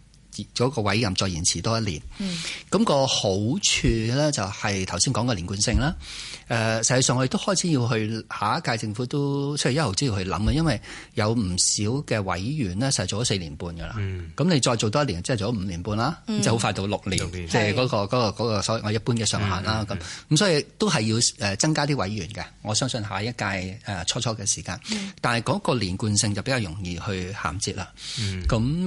做一個委任再延遲多一年，咁、嗯那個好處咧就係頭先講嘅連貫性啦。誒、呃，實際上我哋都開始要去下一屆政府都七月一號之要去諗，因為有唔少嘅委員咧實係做咗四年半㗎啦。咁、嗯、你再做多一年，即係做咗五年半啦、嗯，就好快到六年，即係嗰個嗰、那個嗰、那個那個、所謂我一般嘅上限啦。咁、嗯、咁、嗯嗯、所以都係要增加啲委員嘅，我相信下一屆誒、啊、初初嘅時間，嗯、但係嗰個連貫性就比較容易去銜接啦。咁、嗯、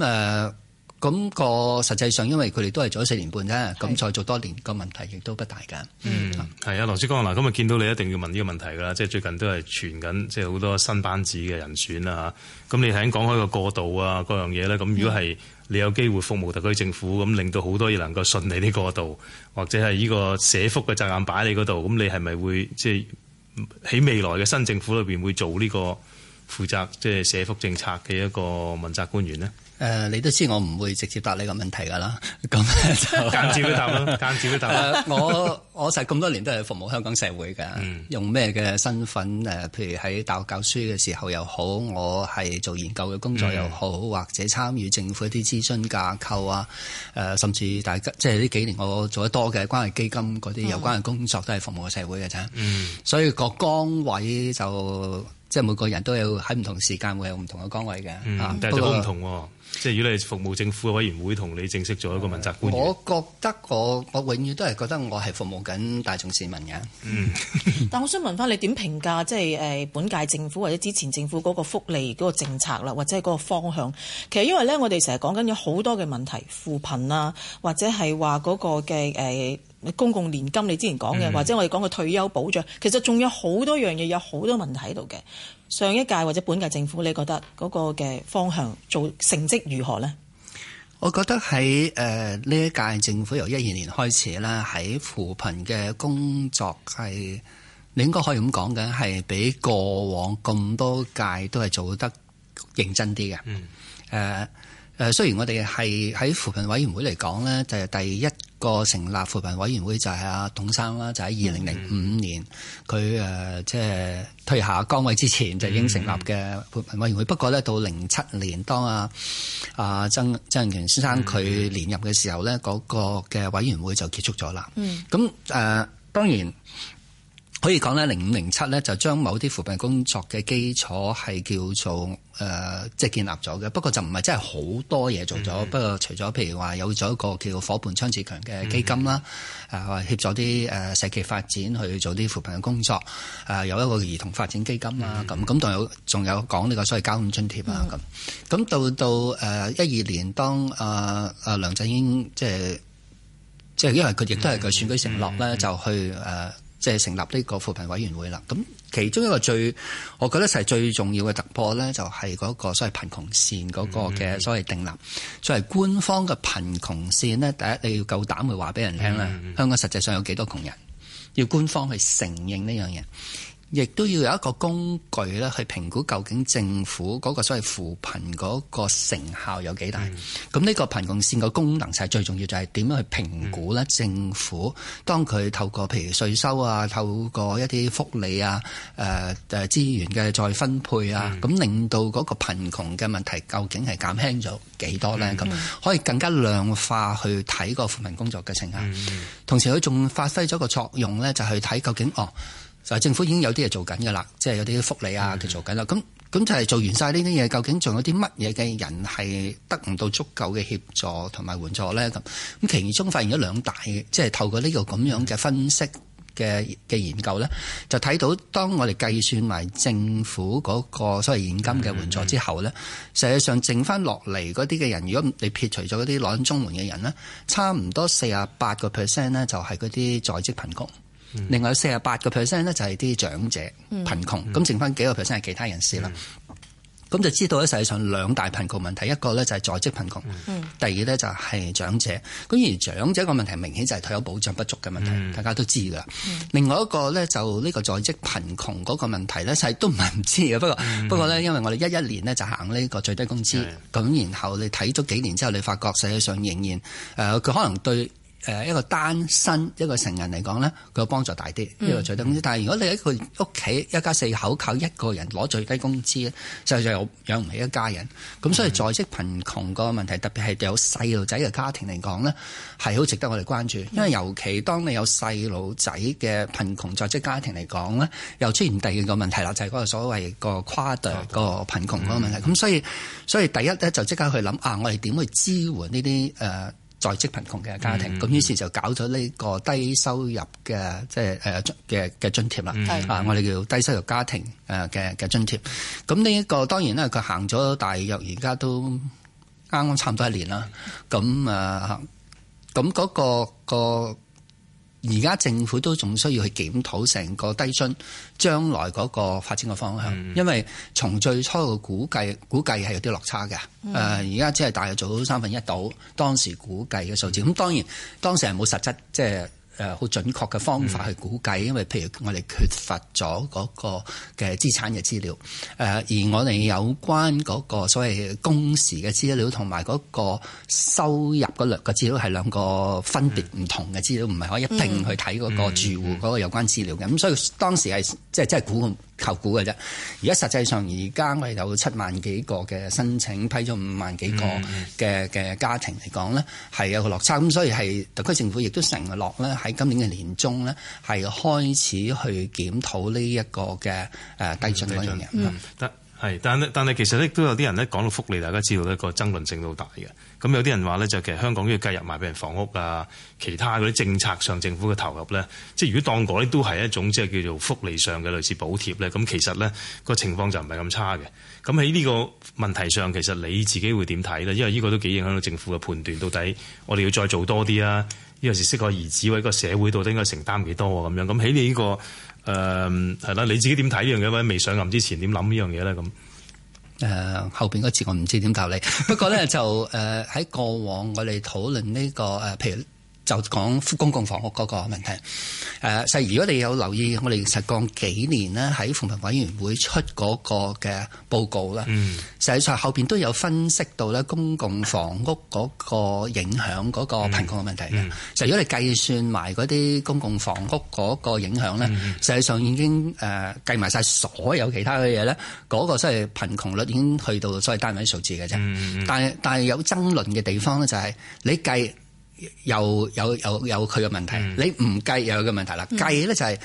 誒。咁個實際上，因為佢哋都係做咗四年半啫，咁再做多年個問題亦都不大噶。嗯，係、嗯、啊，羅致光嗱，今日見到你一定要問呢個問題啦，即係最近都係傳緊，即係好多新班子嘅人選啊，咁你喺講開個過渡啊，各樣嘢咧。咁如果係你有機會服務特區政府，咁、嗯、令到好多嘢能夠順利啲過渡，或者係呢個社福嘅責任擺喺你嗰度，咁你係咪會即係喺未來嘅新政府裏面會做呢個負責即係社福政策嘅一個問責官員呢？誒、呃，你都知我唔會直接答你個問題噶啦，咁，間照都答咯，間接都答啦。我我實咁多年都係服務香港社會嘅、嗯，用咩嘅身份誒、呃？譬如喺大學教書嘅時候又好，我係做研究嘅工作又好、嗯，或者參與政府一啲諮詢架構啊，誒、呃，甚至大即係呢幾年我做得多嘅關係基金嗰啲有關嘅工作，都係服務社會嘅啫、嗯。所以個崗位就即係，就是，每個人都有喺唔同時間會有唔同嘅崗位嘅。都唔同喎。啊即係如果你係服務政府嘅委員會，同你正式做一個問責官員，我覺得我我永遠都係覺得我係服務緊大眾市民嘅。嗯 ，但我想問翻你點評價，即係誒本屆政府或者之前政府嗰個福利嗰個政策啦，或者係嗰個方向。其實因為咧，我哋成日講緊有好多嘅問題，扶貧啊，或者係話嗰個嘅誒公共年金，你之前講嘅，或者我哋講嘅退休保障，其實仲有好多樣嘢，有好多問題喺度嘅。上一屆或者本屆政府，你覺得嗰個嘅方向做成績如何呢？我覺得喺誒呢一屆政府由一二年開始咧，喺扶貧嘅工作係，你應該可以咁講緊係比過往咁多屆都係做得認真啲嘅。嗯。呃誒雖然我哋係喺扶貧委員會嚟講咧，就係、是、第一個成立扶貧委員會就係阿董生啦，就喺二零零五年佢誒即係退下崗位之前就已經成立嘅扶貧委員會。嗯、不過咧到零七年，當阿、啊、阿、啊、曾曾蔭權先生佢連任嘅時候咧，嗰、嗯那個嘅委員會就結束咗啦。咁、嗯、誒、呃、當然。可以講咧，零五零七咧就將某啲扶貧工作嘅基礎係叫做誒，即、呃、係、就是、建立咗嘅。不過就唔係真係好多嘢做咗、嗯。不過除咗譬如話有咗一個叫夥伴倡自強嘅基金啦，誒、嗯、或、啊、協助啲誒社企發展去做啲扶貧嘅工作。誒、啊、有一個兒童發展基金啦。咁咁仲有仲有講呢個所謂交通津貼啊，咁、嗯、咁到到誒一二年，當阿、呃、梁振英即係即係因為佢亦都係佢選舉承諾咧、嗯嗯，就去誒。呃即係成立呢個扶貧委員會啦，咁其中一個最我覺得係最重要嘅突破呢，就係嗰個所謂貧窮線嗰個嘅所謂定立。作為官方嘅貧窮線呢，第一你要夠膽去話俾人聽啦，香港實際上有幾多窮人，要官方去承認呢樣嘢。亦都要有一個工具咧，去評估究竟政府嗰個所謂扶貧嗰個成效有幾大？咁、嗯、呢個貧窮線個功能就係最重要，就係點樣去評估咧？政府當佢透過譬如稅收啊，透過一啲福利啊，誒、呃、誒資源嘅再分配啊，咁、嗯、令到嗰個貧窮嘅問題究竟係減輕咗幾多咧？咁、嗯、可以更加量化去睇個扶貧工作嘅成效。嗯、同時，佢仲發揮咗個作用咧，就去睇究竟哦。就政府已經有啲嘢做緊㗎啦，即係有啲嘅福利啊，佢做緊啦。咁咁就係做完晒呢啲嘢，究竟仲有啲乜嘢嘅人係得唔到足夠嘅協助同埋援助咧？咁咁其中發現咗兩大，嘅，即係透過呢個咁樣嘅分析嘅嘅研究咧、嗯，就睇到當我哋計算埋政府嗰個所謂現金嘅援助之後咧，實、嗯、際上剩翻落嚟嗰啲嘅人，如果你撇除咗啲攞緊綜援嘅人咧，差唔多四十八個 percent 咧，就係嗰啲在職貧窮。另外四十八個 percent 咧就係、是、啲長者、嗯、貧窮，咁剩翻幾個 percent 係其他人士啦。咁、嗯、就知道咧，世界上兩大貧窮問題，嗯、一個咧就係在職貧窮，嗯、第二咧就係長者。咁而長者個問題明顯就係退休保障不足嘅問題、嗯，大家都知噶、嗯。另外一個咧就呢個在職貧窮嗰個問題咧，細、嗯、都唔係唔知嘅。不過、嗯、不過咧，因為我哋一一年咧就行呢個最低工資，咁、嗯、然後你睇咗幾年之後，你發覺世界上仍然誒佢、呃、可能對。誒一個單身一個成人嚟講咧，佢幫助大啲，呢個最低工資、嗯。但係如果你喺佢屋企一家四口靠一個人攞最低工資咧，就有養唔起一家人。咁、嗯、所以在職貧窮個問題，特別係有細路仔嘅家庭嚟講咧，係好值得我哋關注、嗯。因為尤其當你有細路仔嘅貧窮在職家庭嚟講咧，又出現第二個問題啦，就係、是、嗰個所謂個跨代個貧窮嗰個問題。咁、嗯、所以所以第一咧就即刻去諗啊，我哋點去支援呢啲誒？呃在職貧窮嘅家庭，咁、嗯、於是就搞咗呢個低收入嘅即係誒嘅嘅津貼啦，啊、嗯，我哋叫低收入家庭誒嘅嘅津貼。咁呢一個當然咧，佢行咗大約而家都啱啱差唔多一年啦。咁啊，咁嗰個個。咁嗰個而家政府都仲需要去檢討成個低津將來嗰個發展嘅方向，因為從最初嘅估計，估計係有啲落差嘅。誒、呃，而家只係大約做到三分一到當時估計嘅數字。咁當然當時係冇實質即係。就是誒好準確嘅方法去估計，因為譬如我哋缺乏咗嗰個嘅資產嘅資料，誒，而我哋有關嗰個所謂工時嘅資料同埋嗰個收入嗰兩個資料係兩個分別唔同嘅資料，唔、嗯、係可以一定去睇嗰個住戶嗰個有關資料嘅，咁、嗯嗯嗯、所以當時，係即係即係估。求股嘅啫，而家實際上而家我哋有七萬幾個嘅申請批咗五萬幾個嘅嘅家庭嚟講咧，係、嗯、有個落差咁，所以係特區政府亦都承諾咧，喺今年嘅年中咧，係開始去檢討呢一個嘅低准進嘅人。係，但係但係其實咧，都有啲人咧講到福利，大家知道呢、呢個爭論性都好大嘅。咁有啲人話咧，就其實香港要加入埋俾人房屋啊，其他嗰啲政策上政府嘅投入咧，即如果當嗰啲都係一種即係叫做福利上嘅類似補貼咧，咁其實咧、呢個情況就唔係咁差嘅。咁喺呢個問題上，其實你自己會點睇咧？因為呢個都幾影響到政府嘅判斷，到底我哋要再做多啲啊？呢個時識個兒子或者個社會到底應該承擔幾多啊？咁樣咁喺你呢個。誒、嗯，係啦，你自己點睇呢樣嘢？或者未上任之前點諗呢樣嘢咧？咁、呃、誒，後邊嗰次我唔知點答你，不過咧 就誒喺、呃、過往我哋討論呢個誒、呃，譬如。就講公共房屋嗰個問題，誒，實如果你有留意，我哋實講幾年咧，喺扶貧委員會出嗰個嘅報告咧，實際上後邊都有分析到咧公共房屋嗰個影響嗰個貧窮嘅問題嘅。實如果你計算埋嗰啲公共房屋嗰個影響咧，實際上已經誒計埋曬所有其他嘅嘢咧，嗰個所謂貧窮率已經去到所謂單位數字嘅啫。但係但係有爭論嘅地方咧，就係你計。有有有有佢嘅問題，嗯、你唔計有個問題啦。計咧就係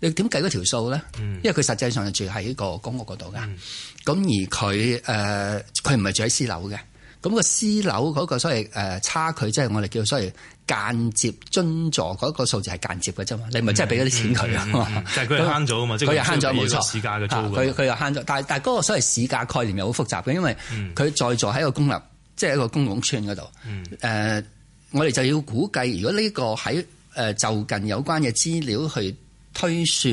你點計嗰條數咧、嗯？因為佢實際上住喺個公屋嗰度嘅，咁、嗯、而佢誒佢唔係住喺私樓嘅。咁、嗰個私樓嗰個所謂誒、呃、差距，即係我哋叫所謂間接津助嗰個數字係間接嘅啫嘛。你咪即係俾咗啲錢佢啊嘛？但佢慳咗啊嘛，佢又慳咗冇錯。市價嘅租佢佢又慳咗，但係但係嗰個所謂市價概念又好複雜嘅，因為佢在住喺一個公立，嗯、即係一個公共村嗰度我哋就要估計，如果呢個喺誒、呃、就近有關嘅資料去推算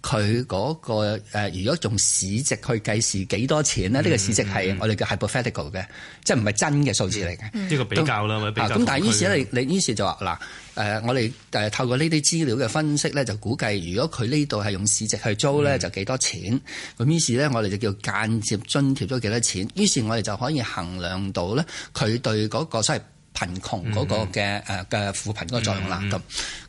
佢嗰、那個、呃、如果用市值去計時幾多錢呢呢、嗯呢個市值係我哋嘅 hypothetical 嘅、嗯，即係唔係真嘅數字嚟嘅。呢、嗯、個、嗯、比較啦，咁、啊、但係於是咧、嗯，你於是就話嗱，誒、呃、我哋透過呢啲資料嘅分析咧，就估計如果佢呢度係用市值去租咧，就幾多錢？咁、嗯、於是咧，我哋就叫間接津貼咗幾多錢？於是我哋就可以衡量到咧、那個，佢對嗰個所謂。貧窮嗰個嘅誒嘅扶貧個作用啦，咁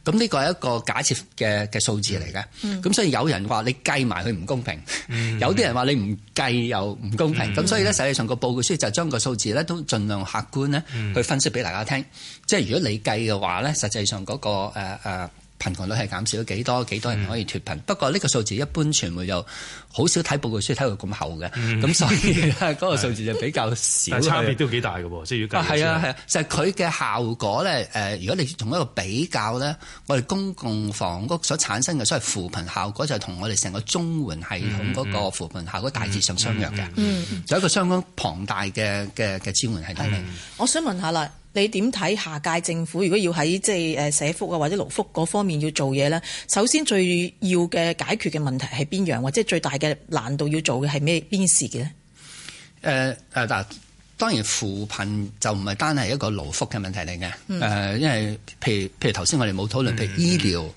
咁呢個係一個假設嘅嘅數字嚟嘅，咁、嗯、所以有人話你計埋佢唔公平，嗯、有啲人話你唔計又唔公平，咁、嗯、所以咧實際上個報告書就將個數字咧都盡量客觀咧去分析俾大家聽，嗯、即係如果你計嘅話咧，實際上嗰、那個誒、呃呃貧窮率係減少咗幾多？幾多人可以脫貧？嗯、不過呢個數字一般傳媒就好少睇報告書，睇到咁厚嘅，咁、嗯、所以呢個數字就比較少。但係差別都幾大嘅喎，即係要計。係啊係啊，啊，啊，啊，就係佢嘅效果咧。誒、呃，如果你同一個比較咧，我哋公共房屋所產生嘅，所謂扶貧效果，就係同我哋成個綜援系統嗰個扶貧效果大致上相若嘅。嗯，有、嗯嗯、一個相當龐大嘅嘅嘅支援系統、嗯啊。我想問下啦。你點睇下屆政府如果要喺即係社福啊或者勞福嗰方面要做嘢咧？首先最要嘅解決嘅問題係邊樣，或者最大嘅難度要做嘅係咩邊事嘅咧？誒、呃、嗱，當然扶貧就唔係單係一個勞福嘅問題嚟嘅、嗯呃。因為譬如譬如頭先我哋冇討論、嗯，譬如醫療。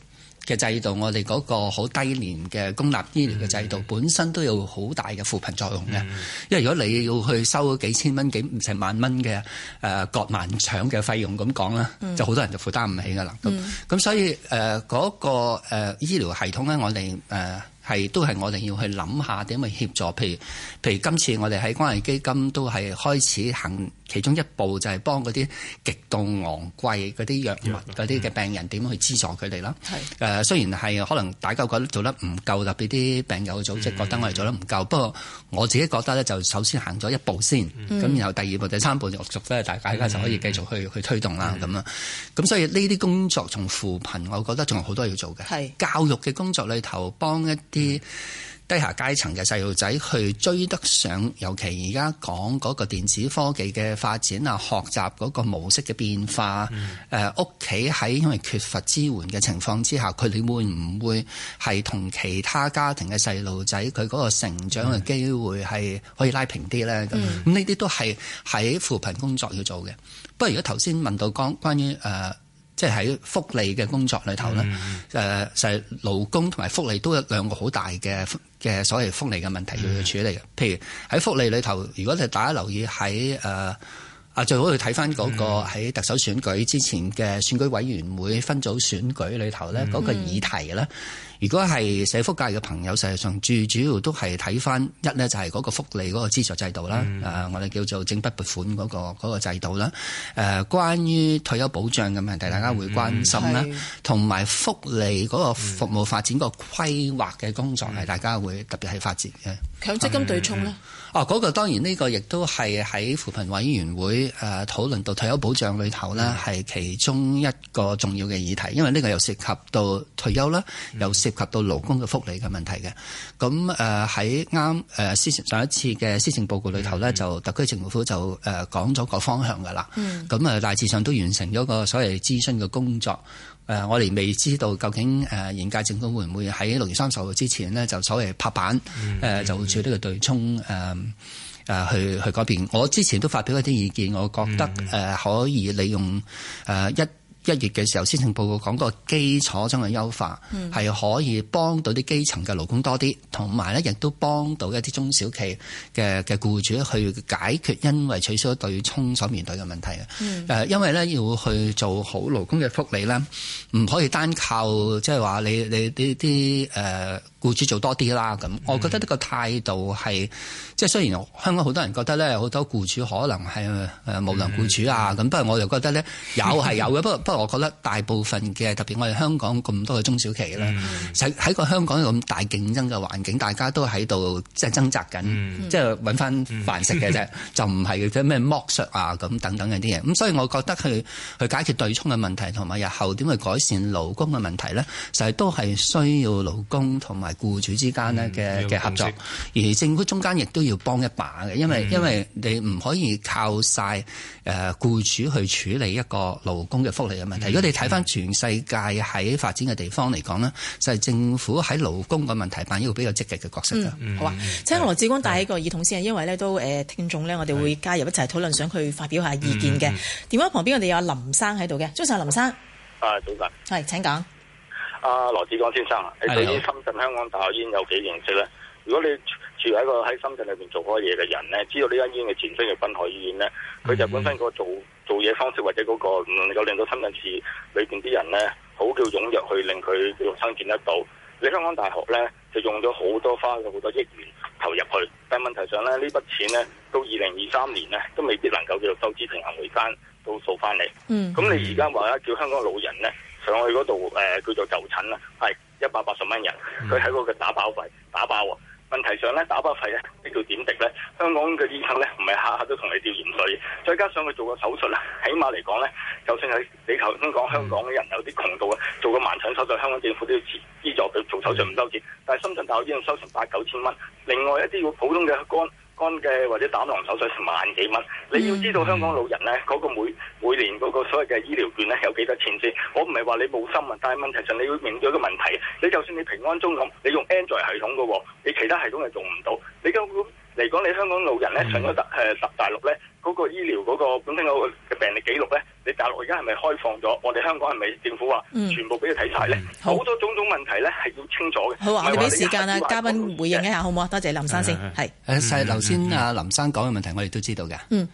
嘅制度，我哋嗰個好低廉嘅公立醫療嘅制度，本身都有好大嘅扶貧作用嘅。Mm -hmm. 因為如果你要去收幾千蚊，幾成萬蚊嘅誒割盲腸嘅費用咁講啦，就好多人就負擔唔起噶啦。咁、mm、咁 -hmm. 所以誒嗰、呃嗰個誒、呃、醫療系統咧，我哋誒係都係我哋要去諗下點樣去協助。譬如譬如今次我哋喺關愛基金都係開始行。其中一步就係幫嗰啲極度昂貴嗰啲藥物嗰啲嘅病人點樣、嗯、去資助佢哋啦。係雖然係可能大家覺得做得唔夠，特別啲病友組織覺得我哋做得唔夠、嗯，不過我自己覺得咧就首先行咗一步先，咁、嗯、然後第二步第三步就陸續都係大家家就可以繼續去、嗯、去推動啦，咁，咁所以呢啲工作同扶貧，我覺得仲有好多要做嘅。係教育嘅工作裏頭，幫一啲。低下階層嘅細路仔去追得上，尤其而家講嗰個電子科技嘅發展啊，學習嗰個模式嘅變化，誒屋企喺因為缺乏支援嘅情況之下，佢哋會唔會係同其他家庭嘅細路仔佢嗰個成長嘅機會係可以拉平啲咧？咁呢啲都係喺扶貧工作要做嘅。不過如果頭先問到講關於誒，即係喺福利嘅工作裏頭咧，誒、mm. 呃、就係、是、勞工同埋福利都有兩個好大嘅。嘅所謂福利嘅問題要去處理嘅，譬如喺福利裏頭，如果係大家留意喺誒。呃啊，最好去睇翻嗰個喺特首選舉之前嘅選舉委員會分組選舉裏頭咧，嗰個議題咧。如果係社福界嘅朋友，實際上最主要都係睇翻一咧，就係嗰個福利嗰個資助制度啦、嗯啊。我哋叫做整筆撥款嗰個嗰個制度啦。誒、啊，關於退休保障嘅問題，大家會關心啦。同、嗯、埋福利嗰個服務發展個規劃嘅工作，係大家會特別係發展嘅。強積金對沖咧？嗯嗯嗯哦，嗰、那個當然呢個亦都係喺扶貧委員會誒討論到退休保障裏頭呢，係其中一個重要嘅議題，因為呢個又涉及到退休啦，又涉及到勞工嘅福利嘅問題嘅。咁誒喺啱誒，上一次嘅施政報告裏頭呢、嗯嗯，就特區政府就誒講咗個方向噶啦。咁、嗯、啊，大致上都完成咗個所謂諮詢嘅工作。誒、呃，我哋未知道究竟誒、呃、現屆政府會唔會喺六月三十號之前呢，就所謂拍板誒、嗯嗯呃，就做呢個對沖誒、呃呃呃、去去改變。我之前都發表一啲意見，我覺得誒、嗯嗯呃、可以利用誒、呃、一。一月嘅時候施政報告講個基礎將嘅優化，係、嗯、可以幫到啲基層嘅勞工多啲，同埋咧亦都幫到一啲中小企嘅嘅雇主去解決因為取消對沖所面對嘅問題嘅、嗯。因為咧要去做好勞工嘅福利啦，唔可以單靠即係話你你啲啲誒雇主做多啲啦。咁我覺得呢個態度係即係雖然香港好多人覺得咧好多雇主可能係誒無良僱主啊，咁不過我又覺得咧有係有嘅、嗯，不過不過。我覺得大部分嘅特別我哋香港咁多嘅中小企啦，實、嗯、喺個香港咁大競爭嘅環境，大家都喺度即係掙扎緊，即係揾翻飯食嘅啫，就唔係咩剝削啊咁等等嘅啲嘢。咁所以我覺得去去解決對沖嘅問題同埋日後點去改善勞工嘅問題咧，實係都係需要勞工同埋僱主之間咧嘅嘅合作，而政府中間亦都要幫一把嘅，因為、嗯、因為你唔可以靠晒誒僱主去處理一個勞工嘅福利。問題，如果你睇翻全世界喺發展嘅地方嚟講呢、嗯、就係、是、政府喺勞工嘅問題扮演一個比較積極嘅角色啫、嗯。好啊、嗯，請羅致光戴起個耳筒先啊，因為呢都誒聽眾呢，我哋會加入一齊討論，嗯、想佢發表一下意見嘅。電、嗯、話、嗯、旁邊我哋有林生喺度嘅，早晨林生。啊早晨。係請講。阿、啊、羅致光先生啊，你對於深圳香港大學醫院有幾認識咧？如果你作為一個喺深圳裏邊做過嘢嘅人咧，知道呢間醫院嘅前身係濱海醫院咧，佢就本身嗰個做、mm -hmm. 做嘢方式或者嗰個能夠令到深圳市裏邊啲人咧好叫踴躍去令佢叫參見得到。你香港大學咧就用咗好多花咗好多億元投入去，但係問題上咧，呢筆錢咧到二零二三年咧都未必能夠叫做收支平衡回翻都數翻嚟。嗯、mm -hmm.，咁你而家話咧叫香港老人咧上去嗰度誒叫做就診啦，係一百八十蚊人，佢喺嗰個打包費打包。問題上咧，打包費咧，叫做點滴咧？香港嘅醫生咧，唔係下下都同你吊鹽水，再加上佢做個手術咧，起碼嚟講咧，就算係你頭先講香港嘅人有啲窮到啊，做個盲腸手術，香港政府都要資助佢做手術唔收錢，但係深圳大學醫院收成八九千蚊，另外一啲普通嘅肝。肝嘅或者膽囊手術成萬幾蚊，你要知道香港老人咧嗰、嗰個每每年嗰個所謂嘅醫療券咧有幾多錢先？我唔係話你冇心啊，但係問題就你要明咗一個問題，你就算你平安中平安鐘咁，你用 Android 系統嘅喎，你其他系統係做唔到，你根本。嚟講，你香港老人咧上咗大誒大大陸咧，嗰、嗰個醫療嗰、嗰個本身、嗰個病歷記錄咧，你大陸而家係咪開放咗？我哋香港係咪政府話，全部俾佢睇晒咧？好多種種問題咧係要清楚嘅。好啊，我哋俾時間啊，嘉賓回應一下好唔好？多謝林生先，係誒，細頭先啊，林生講嘅問題我哋都知道嘅，嗯，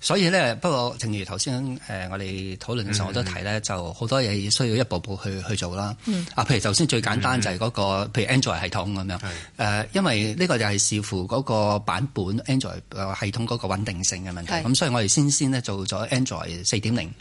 所以咧，不過正如頭先誒，我哋討論嘅時候我都提咧、嗯，就好多嘢需要一步步去去做啦、嗯。啊，譬如頭先最簡單就係嗰、那個、嗯、譬如 Android 系統咁樣誒、呃，因為呢個就係視乎嗰個版本 Android 系統嗰個穩定性嘅問題。咁所以我哋先先咧做咗 Android 四點零，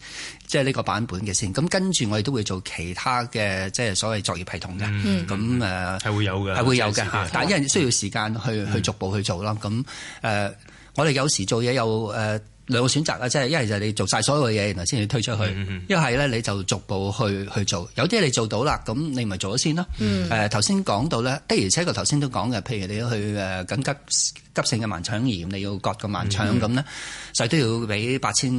即係呢個版本嘅先。咁跟住我哋都會做其他嘅即係所謂作業系統嘅。咁誒係會有嘅，係會有嘅嚇。但係因為需要時間去去逐步去做啦咁誒、呃，我哋有時做嘢有。呃兩個選擇啦，即係一係就你做晒所有嘅嘢，然後先至推出去；一係咧你就逐步去去做。有啲你做到啦，咁你咪做咗先咯。誒頭先講到咧，的而且確頭先都講嘅，譬如你去誒緊急急性嘅盲腸炎，你要割個盲腸咁咧，就、mm -hmm. 都要俾八千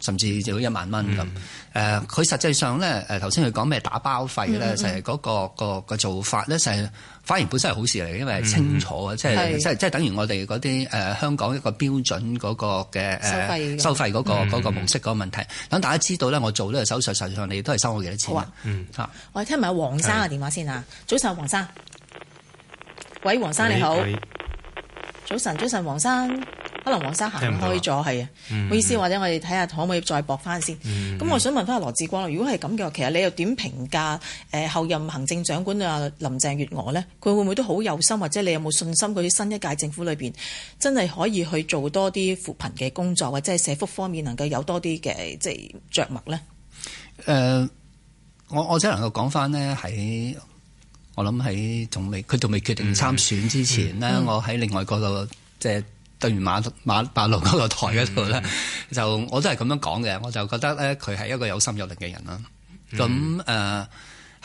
甚至就一萬蚊咁。Mm -hmm. 誒、呃、佢實際上咧，誒頭先佢講咩打包費咧，嗯嗯就係嗰、嗰個、嗰個那個做法咧，就係反而本身係好事嚟，因為清楚啊，嗯、即係即係即係等於我哋嗰啲誒香港一個標準嗰個嘅、呃、收費嗰、嗰個嗰、嗯、個模式嗰個問題。等大家知道咧，我做呢個手術實際上你都係收我幾多錢？啊，嗯啊，我哋聽埋黃生嘅電話先啊，早晨黃生，喂，黃生你好，早晨早晨黃生。可能黃生行開開咗，係啊，是嗯、好意思，或者我哋睇下可唔可以再博翻先。咁、嗯嗯、我想問翻羅羅致光，如果係咁嘅話，其實你又點評價誒、呃、後任行政長官啊林鄭月娥呢？佢會唔會都好有心，或者你有冇信心佢啲新一屆政府裏面真係可以去做多啲扶貧嘅工作，或者係社福方面能夠有多啲嘅即係著墨呢？呃、我我只能夠講翻呢。喺我諗喺仲未佢仲未決定參選之前呢、嗯嗯，我喺另外嗰個即對住馬馬八路嗰個台嗰度咧，就我都係咁樣講嘅。我就覺得咧，佢係一個有心有力嘅人啦。咁誒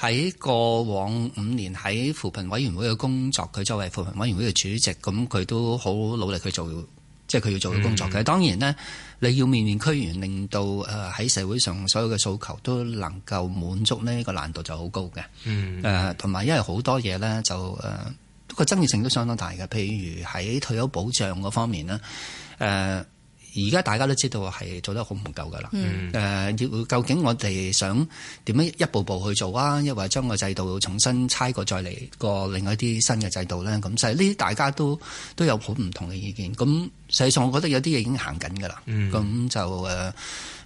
喺過往五年喺扶貧委員會嘅工作，佢作為扶貧委員會嘅主席，咁佢都好努力去做，佢做即係佢要做嘅工作嘅。嗯、當然呢，你要面面俱圓，令到誒喺、呃、社會上所有嘅訴求都能夠滿足呢個難度就好高嘅。誒同埋，因為好多嘢咧就誒。呃個爭議性都相當大嘅，譬如喺退休保障嗰方面呢，誒而家大家都知道係做得好唔夠噶啦，誒、嗯、要、呃、究竟我哋想點樣一步步去做啊？一話將個制度重新猜過，再嚟過另外一啲新嘅制度咧，咁就係呢啲大家都都有好唔同嘅意見。咁實際上我覺得有啲嘢已經行緊噶啦，咁、嗯、就誒。呃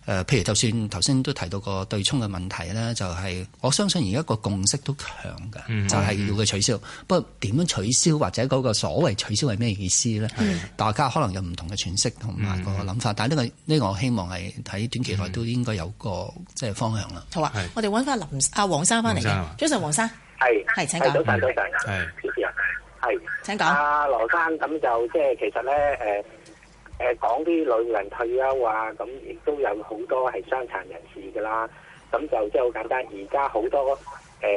誒、呃，譬如就算頭先都提到個對沖嘅問題咧，就係、是、我相信而家個共識都強㗎、嗯，就係、是、要佢取消。嗯、不過點樣取消或者嗰個所謂取消係咩意思咧、嗯？大家可能有唔同嘅詮釋同埋個諗法。嗯、但呢個呢個，這個、我希望係喺短期內都應該有個即係方向啦、嗯。好啊，是我哋揾翻林阿黃生翻嚟嘅，早晨黃、啊、生，係係請講。早晨早晨，係主持人，係請講。阿羅生咁就即係其實咧誒。呃誒，講啲老人退休啊，咁亦都有好多係傷殘人士噶啦，咁就即係好簡單。而家好多誒、呃、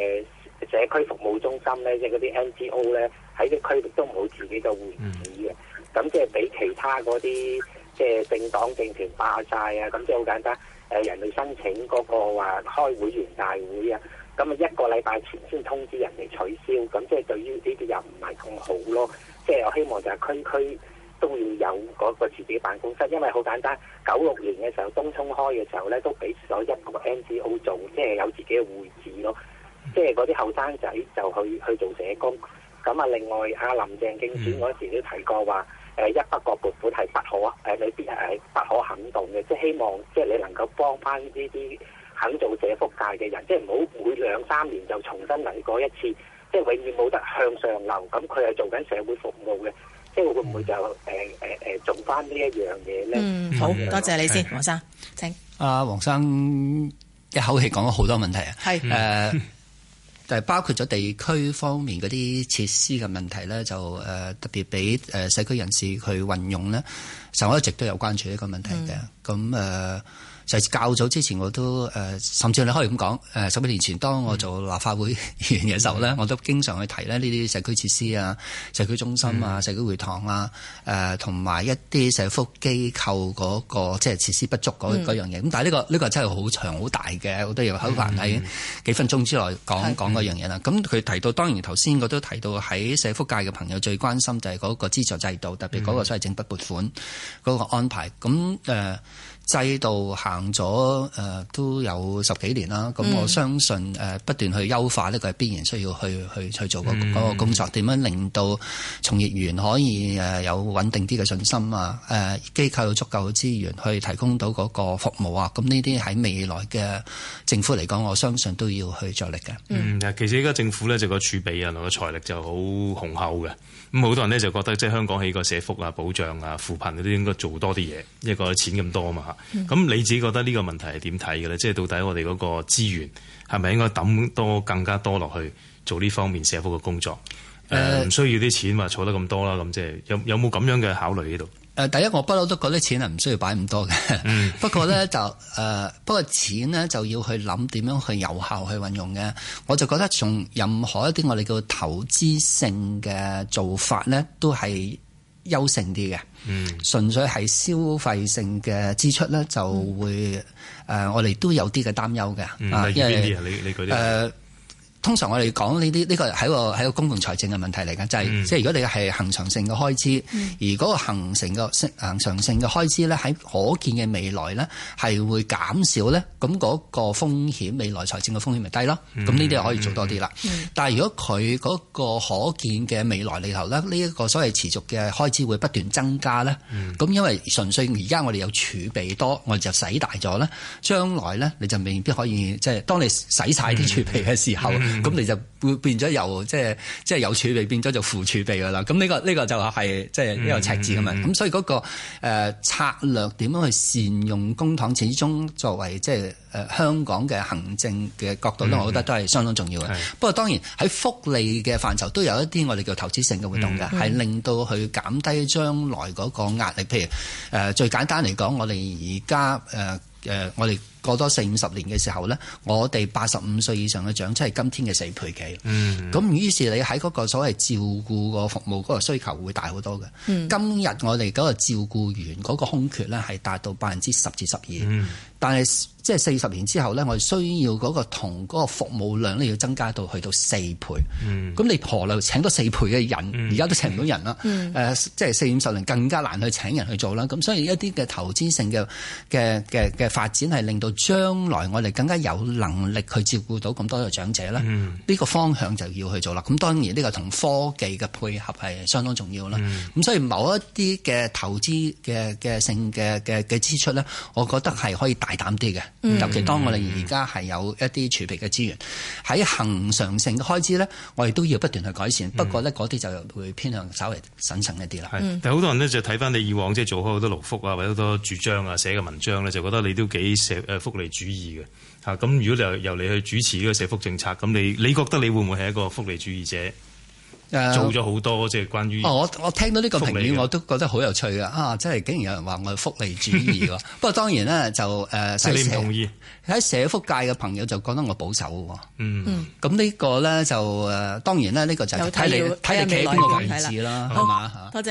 社區服務中心咧，即係嗰啲 N G O 咧，喺啲區域都冇自己嘅會址嘅，咁即係俾其他嗰啲即係政黨政權霸晒啊，咁即係好簡單。誒，人哋申請嗰個話開會員大會啊，咁啊一個禮拜前先通知人哋取消，咁即係對於呢啲又唔係咁好咯，即係我希望就係區區。都要有嗰個自己辦公室，因為好簡單。九六年嘅時候，東涌開嘅時候咧，都俾咗一個 NGO 做，即係有自己嘅會址咯。即係嗰啲後生仔就去去做社工。咁啊，另外阿林鄭競選嗰時都提過話，誒一筆過撥款係不可誒，未必係不可行動嘅，即係希望即係你能夠幫翻呢啲肯做社福界嘅人，即係唔好每兩三年就重新嚟過一次，即係永遠冇得向上流。咁佢係做緊社會服務嘅。嗯、會唔會就誒誒誒，做翻、呃呃呃、呢一樣嘢咧？嗯，好多謝你先，黃生，請。阿、啊、黃生一口氣講咗好多問題 啊，係 誒，就係包括咗地區方面嗰啲設施嘅問題咧，就、呃、誒特別俾誒社區人士去運用咧，所以我一直都有關注呢個問題嘅。咁 誒。呃就係較早之前，我都誒、呃，甚至你可以咁講，誒、呃、十幾年前，當我做立法會議員嘅時候咧、嗯，我都經常去提咧呢啲社區設施啊、社區中心啊、嗯、社區會堂啊，誒同埋一啲社福機構嗰、那個即係設施不足嗰、嗯、樣嘢。咁但係呢、這個呢、這個真係好長好大嘅，我都又好難喺幾分鐘之內講講嗰樣嘢啦。咁佢提到，當然頭先我都提到喺社福界嘅朋友最關心就係嗰個資助制度，特別嗰個所謂整筆撥款嗰個安排。咁、嗯、誒、那個、制度下。行咗、呃、都有十幾年啦，咁、嗯、我相信、呃、不斷去優化呢個係必然需要去去去做嗰個工作，點、嗯、樣令到從業員可以、呃、有穩定啲嘅信心啊，誒、呃、機構有足夠嘅資源去提供到嗰個服務啊。咁呢啲喺未來嘅政府嚟講，我相信都要去着力嘅。嗯，其實依家政府咧就個儲備啊，同個財力就好雄厚嘅。咁好多人咧就覺得，即係香港起個社福啊、保障啊、扶貧都啲，應該做多啲嘢，一個錢咁多啊嘛。咁你自己覺得呢個問題係點睇嘅咧？即係到底我哋嗰個資源係咪應該抌多更加多落去做呢方面社福嘅工作？誒、呃，唔需要啲錢話儲得咁多啦。咁即係有有冇咁樣嘅考慮呢度？誒、呃，第一我不嬲都覺得錢係唔需要擺咁多嘅。嗯、不過咧就誒、呃，不過錢咧就要去諗點樣去有效去運用嘅。我就覺得從任何一啲我哋叫投資性嘅做法咧，都係。優勝啲嘅，純粹係消費性嘅支出咧，就會誒、嗯呃，我哋都有啲嘅擔憂嘅，啊、嗯，因為誒。呃通常我哋講呢啲呢個喺個喺個公共財政嘅問題嚟嘅，就係、是嗯、即係如果你係恒常性嘅開支，嗯、而嗰個恆成嘅恆常性嘅開支咧，喺可見嘅未來咧，係會減少咧，咁嗰個風險未來財政嘅風險咪低咯？咁呢啲就可以做多啲啦、嗯。但係如果佢嗰個可見嘅未來裏頭呢，呢、這、一個所謂持續嘅開支會不斷增加咧，咁因為純粹而家我哋有儲備多，我哋就使大咗咧，將來咧你就未必可以即係、就是、當你使晒啲儲備嘅時候。嗯嗯咁、mm -hmm. 你就會變咗由即係即係有儲備變咗做負儲備噶啦，咁呢、這個呢、這個就係即係呢個赤字咁樣。咁、mm -hmm. 所以嗰、那個、呃、策略點樣去善用公帑，始終作為即係、就是呃、香港嘅行政嘅角度咧，我覺得都係相當重要嘅。Mm -hmm. 不過當然喺福利嘅範疇都有一啲我哋叫投資性嘅活動嘅，係、mm -hmm. 令到去減低將來嗰個壓力。譬如誒、呃、最簡單嚟講，我哋而家誒誒我哋。過多四五十年嘅時候咧，我哋八十五歲以上嘅長者係今天嘅四倍幾。咁、嗯、於是你喺嗰個所謂照顧個服務嗰個需求會大好多嘅、嗯。今日我哋嗰個照顧員嗰個空缺咧係達到百分之十至十二。但係即係四十年之後咧，我哋需要嗰個同嗰個服務量咧要增加到去到四倍。咁、嗯、你何來請多四倍嘅人？而、嗯、家都請唔到人啦、嗯。誒，即係四五十年更加難去請人去做啦。咁所以一啲嘅投資性嘅嘅嘅嘅發展係令到。將來我哋更加有能力去照顧到咁多嘅長者咧，呢、嗯，呢個方向就要去做啦。咁當然呢個同科技嘅配合係相當重要啦。咁、嗯、所以某一啲嘅投資嘅嘅性嘅嘅嘅支出咧，我覺得係可以大膽啲嘅、嗯。尤其當我哋而家係有一啲儲備嘅資源，喺恒常性嘅開支咧，我哋都要不斷去改善。嗯、不過咧，嗰啲就會偏向稍微省省一啲啦。但好多人咧就睇翻你以往即係做開好多勞福啊，或者好多主張啊寫嘅文章咧，就覺得你都幾福利主義嘅嚇，咁如果由你由嚟去主持呢個社福政策，咁你你覺得你會唔會係一個福利主義者？做咗好多即係關於我 我聽到呢個評語我都覺得好有趣噶啊！即係竟然有人話我係福利主義喎。 不過當然呢， 就誒、是，你唔同意喺社福界嘅朋友就覺得我保守喎。咁、嗯、呢、嗯、個咧就誒，當然咧呢個就睇你睇你企邊個位置啦，係嘛嚇。